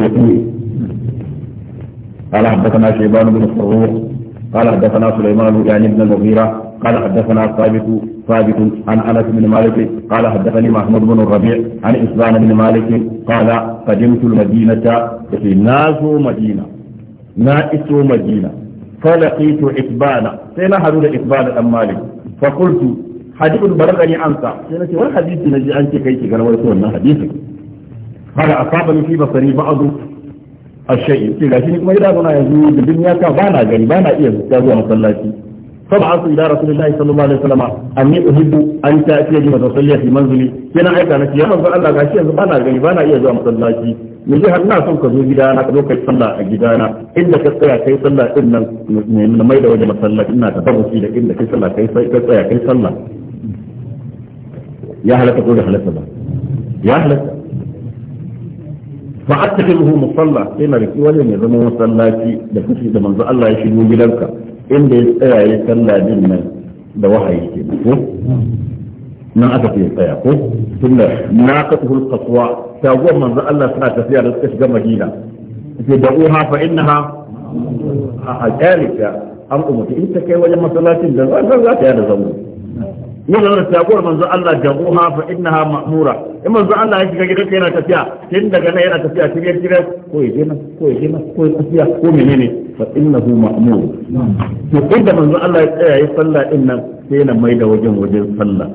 muke karanta قال حدثنا شيبان بن قال حدثنا سليمان يعني المغيرة قال حدثنا ثابت ثابت عن انس بن مالك قال حدثني محمود بن الربيع عن اسلام بن مالك قال قدمت المدينه في ناس مدينه نائس مدينه فلقيت عتبان سينا حدود عتبان ام مالك فقلت حديث بلغني عنك سينا ولا الذي نجي انت كيف قال ولا حديثك قال اصابني في بصري بعض الشيء sai gashi ما kuma يزيد الدنيا yanzu da duniya ta ba na فبعثوا الى رسول الله صلى الله عليه وسلم اني احب ان تاتي بما تصلي في منزلي كنا ايضا نتي يا رسول الله غاشي يا زبانا غني بانا يا إيه زوام صلاتي من جهه الله سن كزو غدانا كزو كاي صلى غدانا الا كتسيا كاي صلى ان من ما يدوي ما ان تبرك الى ان كاي صلى كاي كتسيا يا اهل تقول اهل يا اهل فاتقوا مصلى كما ركوا لي من زمان صلاتي ده الله يشيل من inda ya tsaya ya sallah din nan da wahayi ke ko nan aka ce tsaya ko tunda na katuhul qaswa taguwar manzo Allah suna tafiya da suka shiga Madina sai da uha fa innaha a hajarika an umurta in ta kai wajen masallacin da za ta yada zango ya zama da taguwar manzo Allah da uha fa innaha ma'mura in manzo Allah ya shiga gidanka yana tafiya tun daga nan yana tafiya tire tire ko ya je nan ko ya je nan ko ya tafiya ko menene fa innahu ma'mur to inda manzo Allah ya tsaya ya salla din nan sai yana mai da wajen wajen sallah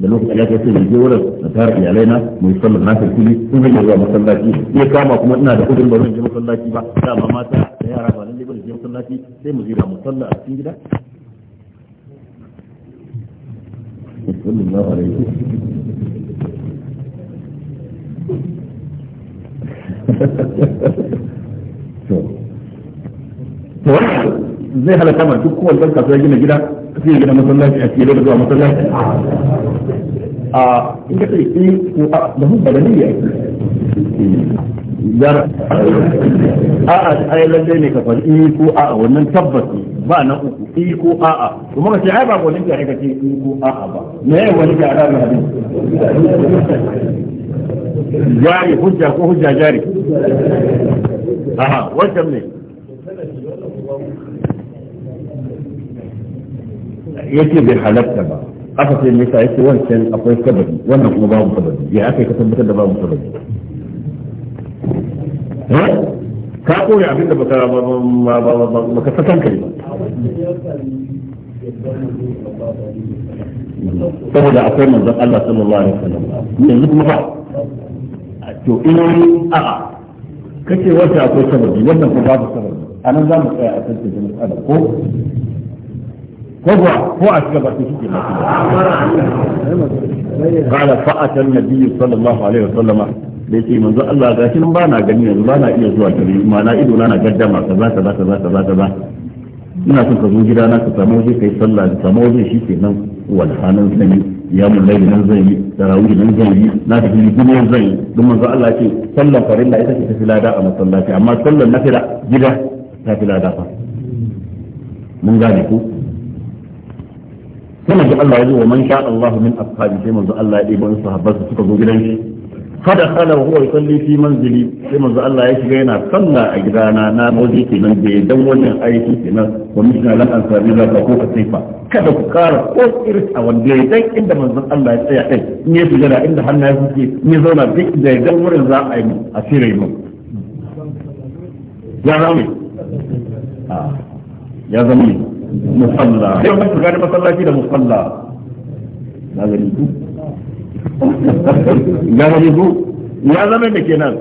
da lokacin ya ce ni je wurin na tara iyalai na mu salla na tafi ni in zan zuwa masallaci ya kama kuma ina da kudin barin zan je masallaci ba dama mata da yara ba nan ne ba je masallaci sai mu zira mu sallah a cikin gida zai halatta ma duk kowanne ɗan kasuwa gina gida sai gina masallaci a cikin zuwa masallaci a in ka sai in eh, ko a da ya a a ai ne ka faɗi eh, ko a wannan tabbas ba na uku i ko a'a kuma ka ce ai ba gwanin ka ka ce i ko a'a ba me ya wani ka da hadin jari hujja ko hujja jari aha wannan ne yake bai halatta ba aka ce nisa yake wancan akwai sababi wannan kuma babu sababi ya aka yi ka tabbatar da babu sababi ka koya abin da baka baka sakan kai ba saboda akwai manzon Allah sallallahu alaihi wasallam yanzu kuma ba to in a'a kace wata akwai sababi wannan ko babu sababi anan za mu tsaya a tantance mas'ala ko ko ko a shiga baki shi ke qala fa'ata an-nabiy sallallahu alaihi wasallam da yake manzo Allah gashi nan ba na gani yanzu ba na iya zuwa gari ma na ido na gaddama kaza kaza kaza kaza kaza ina son ka zo gida na ka samu waje kai sallah ka samu waje shi ke nan walhanan sanyi ya mun laili nan zan yi tarawih nan zan yi na tafi gidan zan yi don manzo Allah ce sallan farilla ita ce tafi lada a masallaci amma sallan fira gida ta fi lada fa mun gane ku. sai manzo Allah ya ce wa man sha Allah min ashabi sai manzo Allah ya ɗebo in sahabbansa suka zo gidan shi fada kala huwa yusalli fi manzili sai manzo Allah ya shiga yana sallah a gidana na waje kenan da dan wannan aiki kenan wa mishna lan ansari za ka ko kasifa kada ku kara ko irin a wanda ya dan inda manzo Allah ya tsaya kai in ya shiga inda hannu ya fice in ya zauna duk da dan wurin za a yi a sirri mu ya zama ya zama musalla sai mun shiga masallaci da musalla na gani gane ne ko ya zama da kenan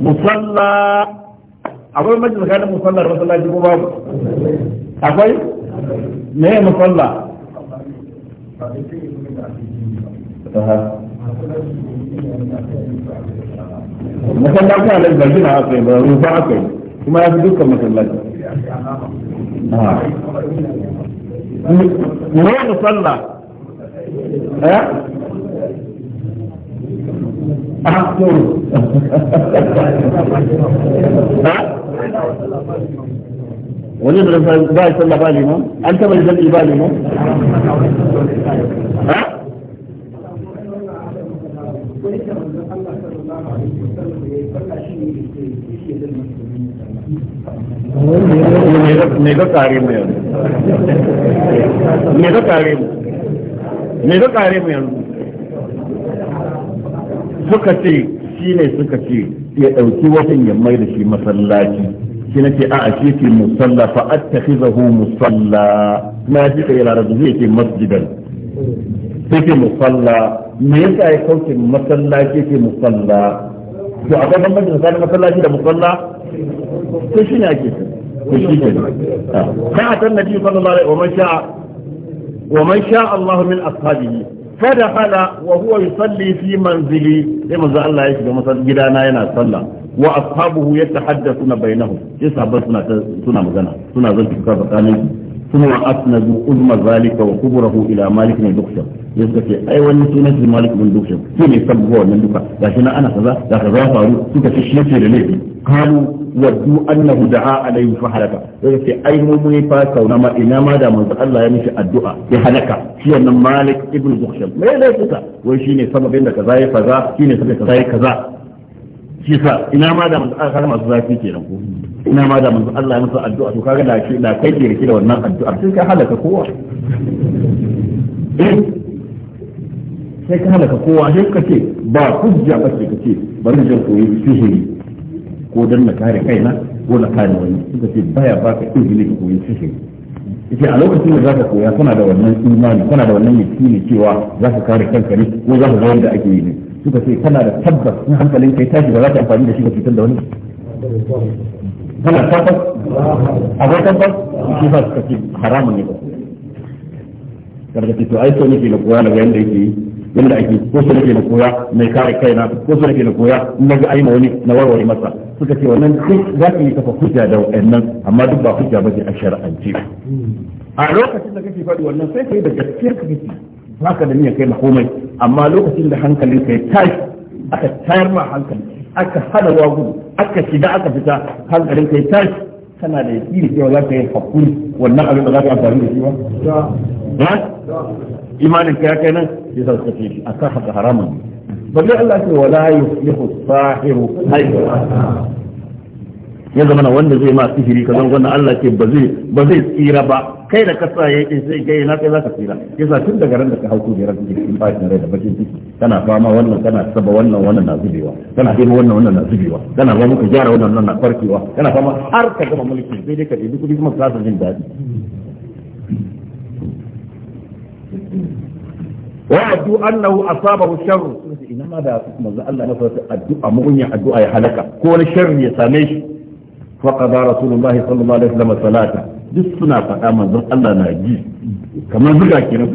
musalla akwai mace tsakanin musalla da masallaci ko babu akwai me ya musalla masallaci a lalbar gina aka yi ba rufa haka yi kuma ya fi dukkan masallaci ne musalla eh? أحضر wani da ba ya sallah ba limon an taba ba limon me ga kare mu yanzu me ga kare mu yanzu suka ce shi ne suka ce ya ɗauki watan ya mai da shi masallaci shi na ce a'a shi ce musalla fa zahu musalla na ji kai larabci zai ce masjidan sai ce musalla me yasa ya kauce masallaci ce musalla to akwai bambanci sani masallaci da musalla to shi ne ake to shi ke kan atan nabi sallallahu alaihi wa man sha'a wa man sha'a Allah min ashabihi fadakhala wa huwa yusalli fi manzili sai manzo Allah yake ga gida na yana sallah wa ashabuhu yatahaddathuna bainahum sai sahabban suna suna magana suna zan tuka bakanin kuma wa asnadu uzma zalika wa kubrahu ila malik bin dukhsha yanzu kace ai wani sunan shi malik bin dukhsha shi ne sabuwa wannan duka gashi ana kaza da kaza faru suka shi shi ne da laifi قالوا ودوا انه دعا عليهم فهلك sai ai mun fa kauna ma ina ma da Allah ya mishi addu'a ya halaka shi wannan Malik ibn Zuhsham me ne kuka wai shine sababin da kaza ya kaza ya kaza ina ma da manzo Allah masu zafi kenan ko ina ma da manzo Allah ya masa addu'a to kaga da da kai ke da wannan addu'a sai ka halaka kowa sai ka halaka kowa sai ka ce ba hujja ba ce ka bari koyi sihiri ko don na kare kaina ko na kare wani suka ce baya baka izini ka koyi sihiri ita a lokacin da zaka koya kana da wannan imani kana da wannan yakini cewa zaka kare kanka ne ko zaka ga da ake yi ne suka ce kana da tabbas in hankalin kai tashi ba za ka amfani da shi ka fitar da wani kana tabbas akwai tabbas shi ba suka ce haramun ne ba karkace to ai so nake na koya daga yanda yake yi yadda ake ko su nake na koya mai kare kaina ko su nake na koya in na ga aima wani na warware masa suka ce wannan duk za ka yi kafa hujja da nan amma duk ba hujja ba ce a shari'ance a lokacin da kake faɗi wannan sai ka yi da gaskiyar ka kake ba ka da niyyar kai makomai amma lokacin da hankalin ka ya tashi aka tayar ma hankali aka hana wa gudu aka shiga aka fita hankalin ka ya tashi kana da yakini cewa za ka yi hakuri wannan abin da za ka amfani da shi ba imanin ka ya kai nan ya sauka ce shi a kan haka haramun balle Allah ce wala yuflihu sahiru ya zama na wanda zai ma sihiri ka zama wannan Allah ce ba zai ba zai tsira ba kai da ka sa yayin sai kai na kai zaka tsira yasa tun daga ran da ka hauko biyar kake cikin bakin rai da bakin ciki kana fama wannan kana saba wannan wannan na zubewa kana fama wannan wannan na zubewa kana ba muka gyara wannan wannan na farkewa kana fama har ka gama mulki sai dai ka dai kudi kuma ka jin daɗi wa'adu annahu asabahu sharru ma da manzo Allah na fata addu'a mu'unya addu'a ya halaka ko wani sharri ya same shi fa qada rasulullahi sallallahu alaihi wasallam salata duk suna faɗa manzo Allah na ji kamar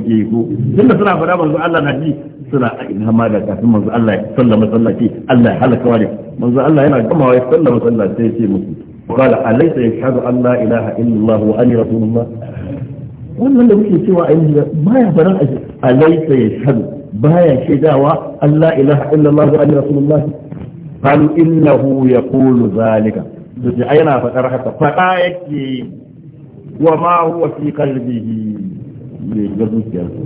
yi ko tunda suna faɗa manzo Allah na ji suna a ina ma da kafin manzo Allah ya sallama Allah ya halaka wani manzo Allah yana ya sallama sai ce musu qala alaysa yashhadu an la ilaha wa anni rasulullah wannan da kuke cewa ayyuka baya faran yashhadu baya shaidawa Allah ilaha illallah wa anna rasulullah qalu innahu yaqulu zalika to sai yana fadar haka fada yake wa ma huwa fi qalbihi ne ga zuciyarsa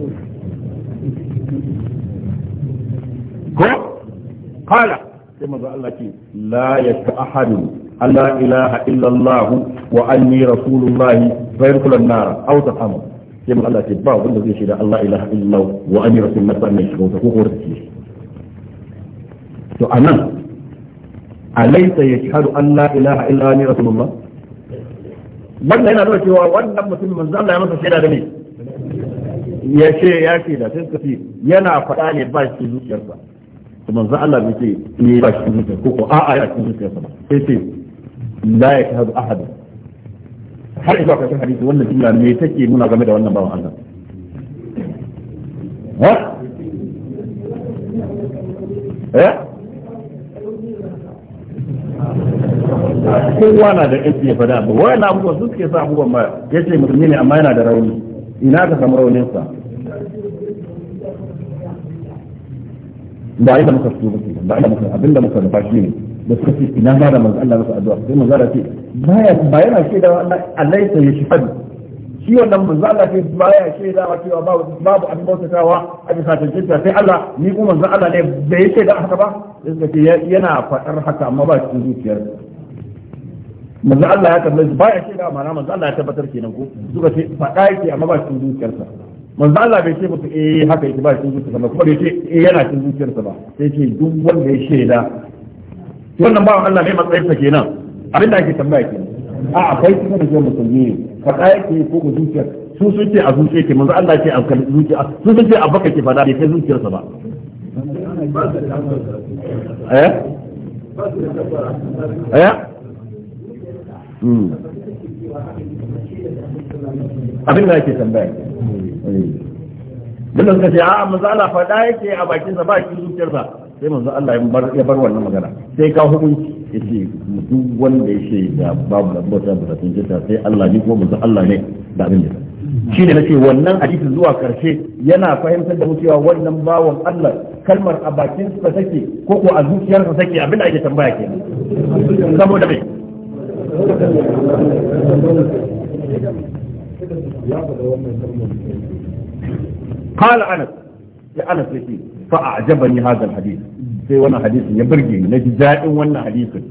ko qala sai manzo Allah ce la yata'ahadu Allah ilaha illallah wa anni rasulullah fa yadkhulun nar aw tahamu sai mun Allah ce ba wanda zai shaida Allah ilaha illallah wa anni rasulullah ko ko rasul to anan alaysa yashhadu an la ilaha illa rasulullah yana nuna cewa wannan mutum manzo Allah ya masa shaida da ya ce ya ce da sai kafi yana faɗa ne ba shi to manzo Allah bai ce eh, ba shi ko ko a'a ya shi zuciyarsa ba sai ce la yashhadu ahadun har zuwa karshen hadisi wannan jumla ne take nuna game da wannan bawan Allah ha eh kowa na da yake ya fada ba wai na abubuwa su suke sa abubuwan ba ya ce musulmi ne amma yana da rauni ina ka samu raunin sa ba da muka su ba da abinda muka da fashi ne da suka ce ina ba da manzo Allah masa addu'a sai manzo Allah ce baya ba yana ce da Allah Allah ya shi fadi shi wannan manzo Allah ce ba ya ce da wa cewa babu babu abin bautatawa a bisa tantance sai Allah ni ko manzo Allah ne bai da haka ba sai suka ce yana fadar haka amma ba cikin zuciyar manzo Allah ya ba tabbatar baya shaida ma'ana manzo Allah ya tabbatar kenan ko suka ce fada yake amma ba cikin zuciyarsa manzo Allah bai ce mutu eh haka yake ba cikin zuciyarsa ba kuma bai ce eh yana cikin zuciyarsa ba sai ce duk wanda ya shaida wannan bawan Allah mai matsayin sa kenan abin da ake tambaya ke a akwai kuma da musulmi ne faɗa yake ko ko zuciyar su sun ce a zuciya ke manzo Allah ce a zuciya su sun ce a baka ke fada bai kai sa ba eh eh hmm. abin da ake tambaya ke eh. da suka ce a manzo Allah faɗa yake a bakinsa ba cikin zuciyarsa sai manzo Allah ya bar wannan magana sai ka hukunci yace duk wanda ya ce da babu da ba ta tunjita sai Allah ne kuma manzo Allah ne da abin da shi ne nace wannan hadisi zuwa karshe yana fahimtar da mu cewa wannan bawon Allah kalmar a bakin sa take ko ko a sa take abin da ake tambaya kenan saboda me قال انس لانس يقول fa ajabani hadha alhadith sai wannan hadisin ya burge ni naji dadin wannan hadisin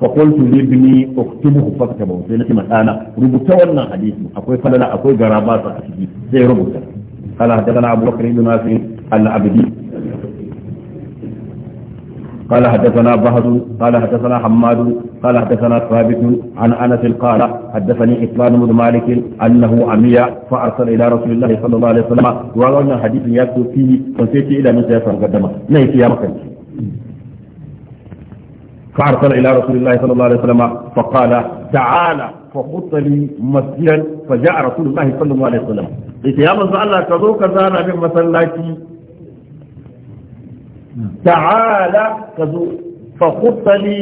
fa qultu li ibni uktubuhu na sai nace rubuta wannan hadisin akwai falala akwai a ciki sai rubuta قال حدثنا ابو بكر بن نافع العبدي قال حدثنا بهز قال حدثنا حماد قال حدثنا ثابت عن انس قال حدثني اسلام بن مالك انه عمي فارسل الى رسول الله صلى الله عليه وسلم وقال الحديث يكتب فيه وسيتي الى من سيسر قدمه ليس يا مكان فارسل الى رسول الله صلى الله عليه وسلم فقال تعالى فخط لي مسجدا فجاء رسول الله صلى الله عليه وسلم قلت يا رسول الله كذو كذا انا من مسلاتي تعالى كذو فخط لي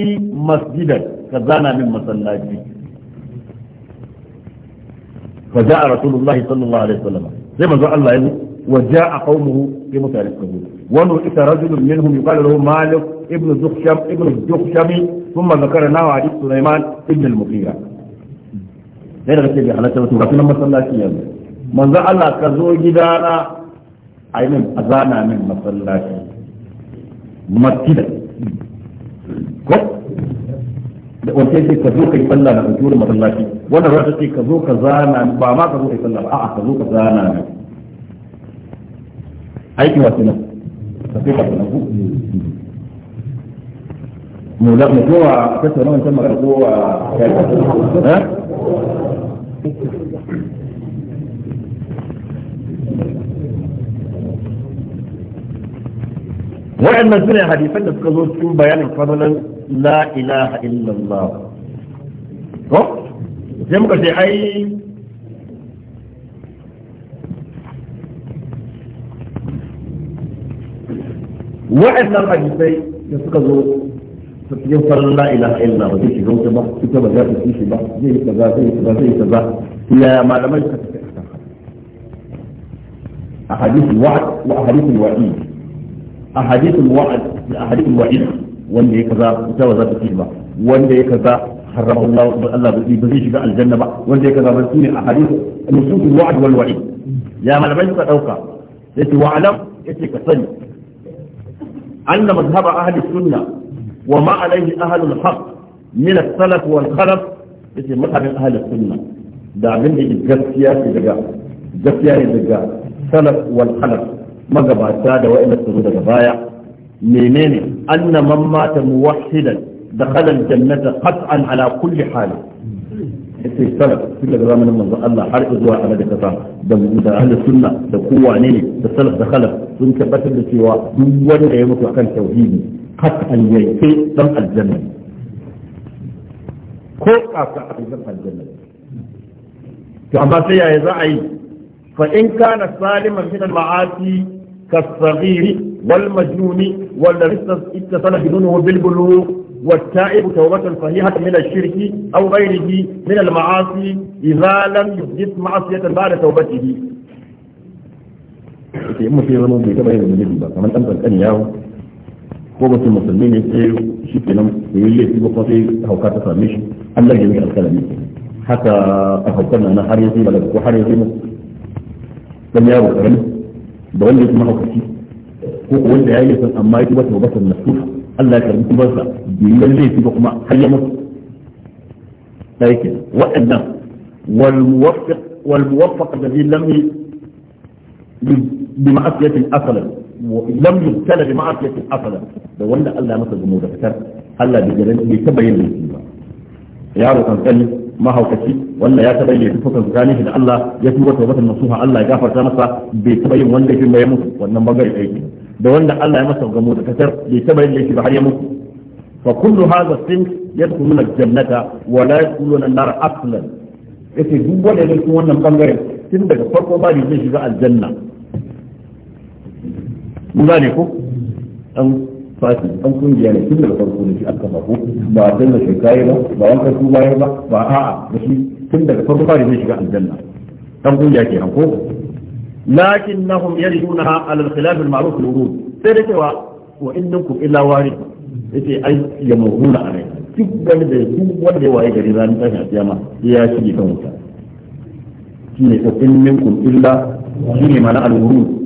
مسجدا كذانا من مسلاتي فجاء رسول الله صلى الله عليه وسلم زي ما الله يعني وجاء قومه في مطارق كذو ونرئت رجل منهم يقال له مالك ابن زخشم ابن زخشم ثم ذكرنا حديث سليمان ابن المغيرة sai غسل بي halatta wasu rafi nan masallaci yanzu manzan Allah ka zo gidana a yi min a zana min masallaci masjida ko da wanda yake ka zo kai sallah da kujur masallaci wanda wata ce ka zo ka zana ba ma ka zo yi sallah a'a ka zo ka zana ne aiki wasu nan ka sai ka zana ku mu da mu zo a tsara wannan magana kowa eh? waɗannan suna hadisan da suka zo cikin bayanin fadalan la ilaha illallah ko sai muka ce ai waɗannan hadisai da suka zo cikin fadalan la ilaha illallah ba zai shiga wuta ba ita ba za ta ci shi ba zai yi kaza zai yi kaza zai yi kaza ya malamai suka tafi a hadisi wa'ad wa hadisi wa'id أحاديث الوعد أحاديث الوعيد wanda ya kaza ita ba za ta ci ba wanda ya kaza harrama Allah Allah ba zai shiga aljanna ba wanda ya kaza ba sune a hadith nusul wa'd wal wa'id ya malamai suka dauka yace wa alam yace ka sani anna madhhab ahli sunna wa ma alayhi ahli al-haq min as-salaf wal khalaf yace madhhabin ahli sunna da abin da gaskiya ce daga gaskiya ne daga salaf wal khalaf magabata da wa'anda su daga baya menene anna man mata muwahhidan dakhala aljannata qat'an ala kulli hal sai salaf tun daga zamanin manzon Allah har zuwa a da kasa da da ahlus sunna da kowa ne da salaf da khalaf sun tabbatar da cewa duk wanda ya mutu akan tauhidi qat'an yake dan aljanna ko kaka a cikin aljanna to amma sai yaya za a yi fa in kana saliman min al-ma'asi كالصغير والمجنون والذي اتصل جنونه بالبلوغ والتائب توبة صحيحة من الشرك أو غيره من المعاصي إذا لم يحدث معصية بعد توبته. في في المسلمين يسير شكي نم يولي في بقصي أو كاتا فرميش أن لا جميع الكلام حتى أفكرنا أنا حريتي بلد وحريتي مصر لم يهو كرمي da wanda ya kuma haukaci ko wanda ya yi san amma ya tuba ta nasuha Allah ya karbi tubarsa bai yi laifi ba kuma har ya mutu da yake waɗannan والموفق الذي لم بمعصية أصلا لم يبتلى بمعصية أصلا لو أن الله مثل جمهور الكتاب الله بجلال بيتبين لي يا رب أنقلب mahaukaci wannan ya taba yi tufukan tsakanin shi da Allah ya tuba tawbatar nasuha Allah ya gafarta masa bai taba yin wanda shi ya mutu wannan bangare aiki da wanda Allah ya masa gamo da kasar bai taba yin laifi ba har ya mutu fa kullu hadha sin yadkhuluna al-jannata wa la yadkhuluna an-nar aslan yace duk wanda ya cikin wannan bangare tun daga farko ba ne zai shiga aljanna mun gane ko fati an kungiya ne tun daga farko da shi an kafa ko ba a danna shi kayi ba ba an su baya ba ba a'a da shi tun daga farko fari zai shiga aljanna dan kungiya ke ko lakinnahum yaridunaha ala al-khilaf al-ma'ruf al-wurud sai da cewa wa innakum illa warid yace ai ya a rai. duk wani da duk wanda ya waye gari ran tashi kiyama ya shige kan wuta shine fa innakum illa shine ma na wurud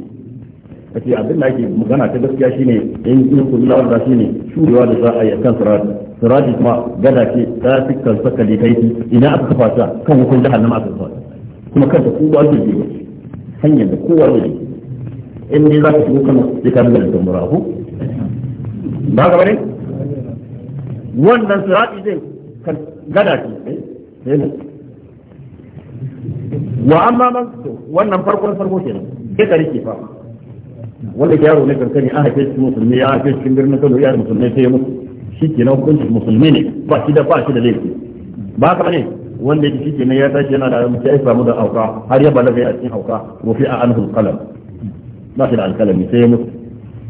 kace abin da ake magana ta gaskiya shine in in kullu wanda shine shurewa da za a yi kan sirat sirat kuma gada ce su kan saka da kai ina aka kafa ta kan hukun jahannama aka kafa kuma kan ta kowa zai je hanyar da kowa zai je in ne za ka shigo kan da ka da tambara ko ba ga bane wannan sirat din kan gada ce ne eh, eh. wa amma man wannan farkon farko kenan sai ka rike fa wanda ke yaro ne kankani an haife shi musulmi ya haife shi birnin Kano ya musulmi sai ya mutu shi ke na hukunci musulmi ne ba shi da ba shi da laifi ba ka ne wanda yake shi ke na ya tashi yana da mutu ya samu da auka har ya balaga a cikin auka wa fi anhu alqalam ba shi da alqalami sai ya mutu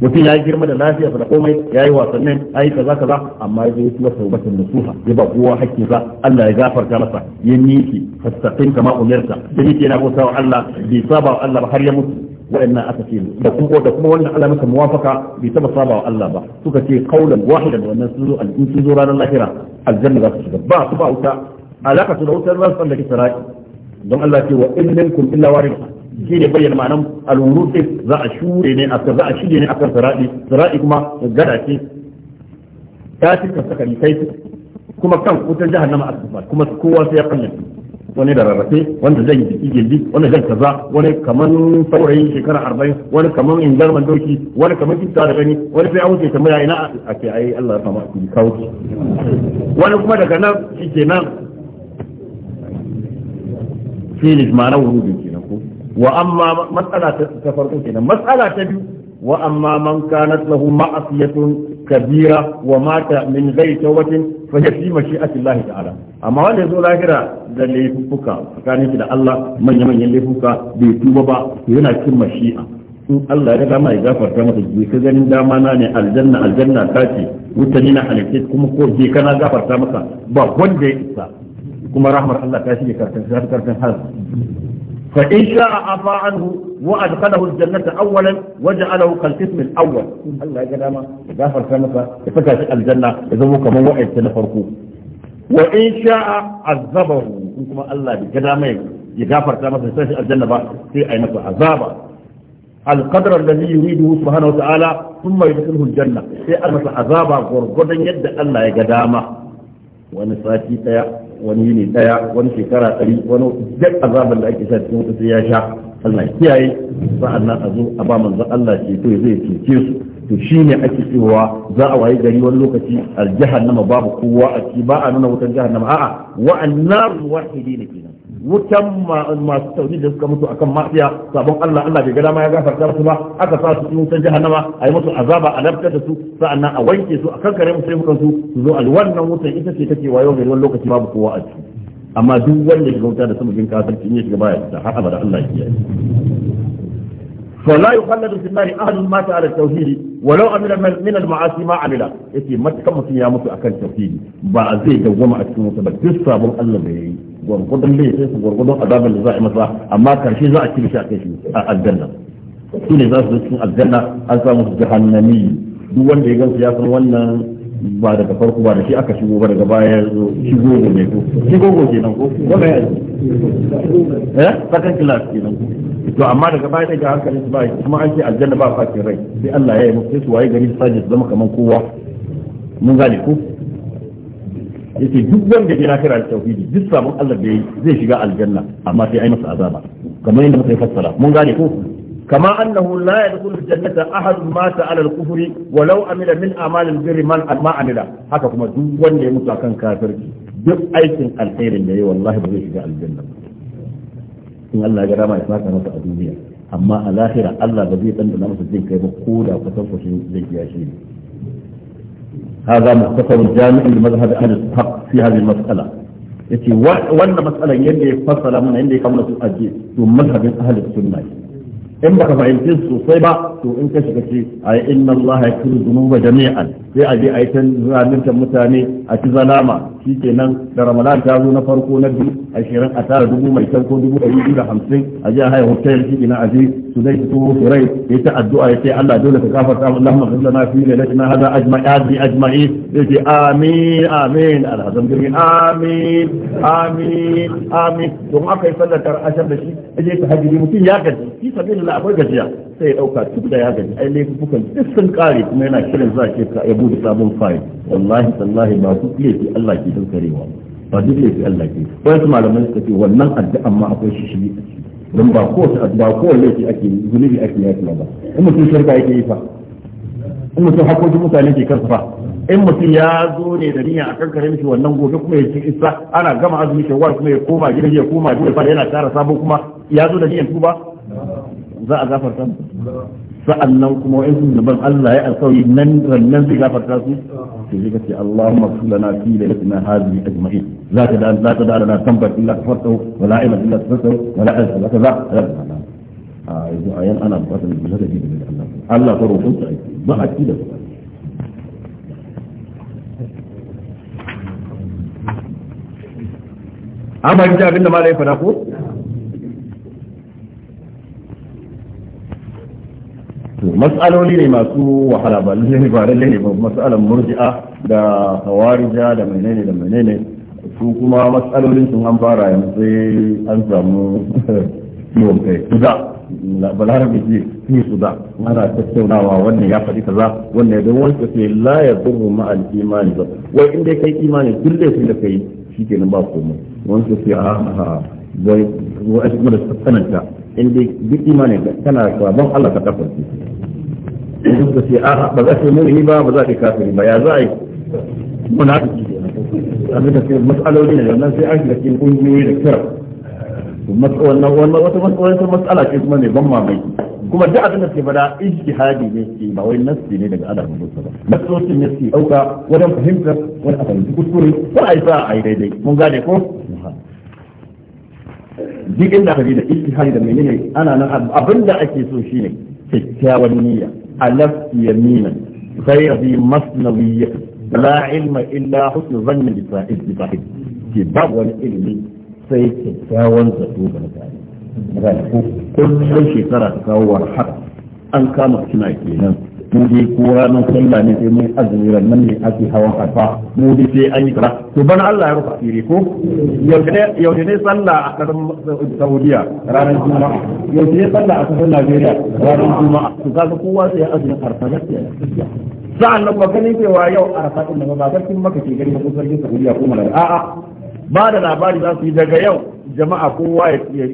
mutum ya girma da lafiya da komai ya yi wasannin ayi kaza kaza amma ya zo ya tura taubatin nasuha ya ba kowa hakkinsa Allah ya gafarta masa ya niki fastaqim kama umirta da yake yana bautawa Allah bai saba Allah har ya mutu وإن أتكين وكما وإن على مثل موافقة بيتم صابع الله با تكتي قولا واحدا وإن سنزو أن إن سنزو رانا الأخيرة الجنة لا تشكر با تبا أتا علاقة له سنرس أن لك سراج دون الله كي وإن منكم إلا وارد جيني بيّن معنى الوروث ذا أشور إني أكثر ذا أشور إني أكثر سراج سراج كما قد أكي تاتي كما كان قوت الجهة نما أكثر كما كوا سيقنن wani da rarrafe wanda zai biki gildi wani zai kaza wani kaman saurayin shekara arba'in wani kaman ingarman doki wani kaman kisa da gani wani sai an wuce tambaya ina a ce ai Allah ya fama ki kauci wani kuma daga nan shike nan filis ma'ana wurudin kenan ko wa amma matsala ta farko kenan matsala ta biyu wa amma man kanat lahu ma'asiyatun kabira wa mata min zai tawbatin fa ya fi mashi'ati Allah ta'ala amma wanda yazo lahira da laifuka tsakanin da Allah manya manyan laifuka bai tuba ba yana cikin mashi'a in Allah ya dama ya gafarta masa je ka ganin dama na ne aljanna aljanna ta ce wuta na halitta kuma ko je kana gafarta masa ba wanda ya isa kuma rahmar Allah ta shige karkan karkan har فإن شاء عفا عنه وأدخله الجنة أولا وجعله كالقسم الأول الله يقدر يغفر سنة يفتح الجنة إذا هو كمان إيه وعد سنفرقه وإن شاء عذبه كما الله إذا يغفر سنة يفتح الجنة في أي عذابه القدر الذي يريده سبحانه وتعالى ثم يدخله الجنة في أمس عذابه غرغدا يد الله يقدامه wani sati daya wani yini daya wani shekara ɗari wani duk azabar da ake sa cikin wuta sai ya sha Allah kiyaye sa'an nan a zo a ba manzon Allah ce to zai cuce su to shine ake cewa za a waye gari wani lokaci aljahannama babu kowa a ciki ba a nuna wutan jahannama a'a wa'annar wahidi ne wutan masu tauni da suka mutu akan mafiya sabon Allah Allah bai ga dama ya gafarta musu ba aka sa su cikin wutan jahannama a yi musu azaba a lafta da su sa'annan a wanke su a kankare musu laifukan su su zo a wannan wutan ita ce take wayo mai lokaci babu kowa a ciki amma duk wanda ya shiga wuta da samun kafirci ne shiga baya da har abada Allah ya kiyaye فلا يخلد في النار اهل مات على التوحيد ولو عمل من المعاصي ما عمل يتي ما كم في يا مت اكل التوحيد با زي دغوم اكن مت بس صاب الله بي غور غدن لي سي غور غدن اداب اللي زاي مسا اما كان شي زاي كل شي اكل آه، الجنه شنو زاي زاي الجنه اصلا في جهنم دو وين دي غنسيا كون ونن ba daga farko ba da shi aka shigo ba daga baya ya zo shi gogo ne ko shi gogo ke nan ko wanda ya eh second class ke nan to amma daga baya daga hankali ba kuma an ce aljanna ba fakin rai sai Allah ya yi musu su waye gari sai saje zama kaman kowa mun gane ko yace duk wanda ya kira da tauhidi duk sabon Allah da yayi zai shiga aljanna amma sai ai masa azaba kamar yadda muka fassara mun gane ko كما أنه لا يدخل الجنة أحد مات على الكفر ولو عمل من أعمال البر ما عمل haka kuma duk wanda ya mutu akan kafirci duk aikin alkhairin da ya wallahi ba zai shiga aljanna in Allah ya rama ya saka masa a duniya amma a lahira Allah zai dandana masa jin da kusan kushin zai هذا مختصر جامع لمذهب أهل الحق في هذه المسألة يتي وانا مسألة يلي فصل من عندي كم نسو ثم مذهب أهل السنة in baka fahimci sosai ba to in ka shiga ce a inna Allah ya kiri zunuba jami'an sai a je a yi ta mutane a ci zalama shi ke nan da ramadan ta zo na farko na biyu a shirin a tara dubu mai kyau ko dubu ɗari biyu da hamsin a jiya haya hotel shi kenan a je su zai fito su rai ya ta addu'a ya ce Allah dole ka kafa ta mu Allahumma ghfir na fi lailatina hada ajma'i ajma'i ya ce amin amin alhazan alhamdulillah amin amin amin don aka yi sallar ashar da shi ya je ta hajji mutum ya gaji shi fi sabilillah akwai gajiya sai ya dauka duk da ya gaji ai laifukan duk sun kare kuma yana kiran za ke ka ya bude sabon fayil wallahi tallahi ba duk laifi Allah ke daukarewa ba duk laifi Allah ke wasu malamai suka ce wannan addu'an ma akwai shi shi don ba kowace ba kowace laifi ake zunubi ake kuma ba in mutum shirka yake yi fa in mutum hakokin mutane ke kansa fa in mutum ya zo ne da niyya a kankare mishi wannan gobe kuma ya ci isa ana gama azumi shawar kuma ya koma gidan ya koma gidan fa yana tara sabo kuma ya zo da niyyan tuba za a gafarta sa'annan kuma wa'in daban Allah ya alƙawari nan rannan su gafarta su to sai kace Allahumma fil lana fi lailatina hadhihi ajma'in la ta da la ta da lana tambar illa kafartahu wa la ilaha illa tasawwu wa la ilaha illa kaza a yanzu ayan ana buƙatar mu da dabi da Allah Allah ko roƙon su ba a ci da su amma ji abin da malai fara ko to matsaloli ne masu wahala ba lalle ba lalle ne ba matsalan murji'a da hawarija da menene da menene su kuma matsalolin sun an fara yanzu sai an samu ciwon kai kuza balarabe ce fi su da ana tattaunawa wannan ya faɗi kaza wannan ya don wanke sai la ya zurru ma al imani ba wai in dai kai imani duk da sun da kai shikenan ba komai wanke sai a ha wai wai kuma da tsananta in dai duk imanin kana sabon Allah ka tafarki in duk da sai a ba za ka yi ni ba ba za ka yi kafiri ba ya za a yi munafiki abin da sai mas'aloli ne wannan sai an shiga cikin kungiyoyi da kira wannan wannan wata wata mas'ala ce kuma mai ban mamaki kuma duk abin da ke faɗa ijtihadi ne ke ba wai nassi ne daga Allah ko ba nassocin ne suke dauka wajen fahimtar wani abin kuskure ko a yi sa a yi daidai mun gane ko duk inda ka da ijtihadi da menene ana nan abinda ake so shine kyakkyawan niyya alaf yamina ghayra bi masnawiyya la ilma illa husnu dhanni bi sahib ki ba wani ilimi sai kyakkyawan zato ga mutane kullum shekara ta kawo warhaka an kama kina kenan mu dai ko ranar sallah ne sai mun azumi nan ne ake hawan arfa mu dai sai an yi kaza to bana Allah ya rufa asiri ko yaushe ne sallah a kasar Saudiya ranar Juma'a yau ne sallah a kasar Najeriya ranar Juma'a to kaga kowa sai ya azumi arfa gaskiya sa'an nan ba ganin cewa yau arfa din ba ba sarkin maka ke gari ko sarkin Saudiya ko malaka a'a ba da labari za su yi daga yau jama'a kowa ya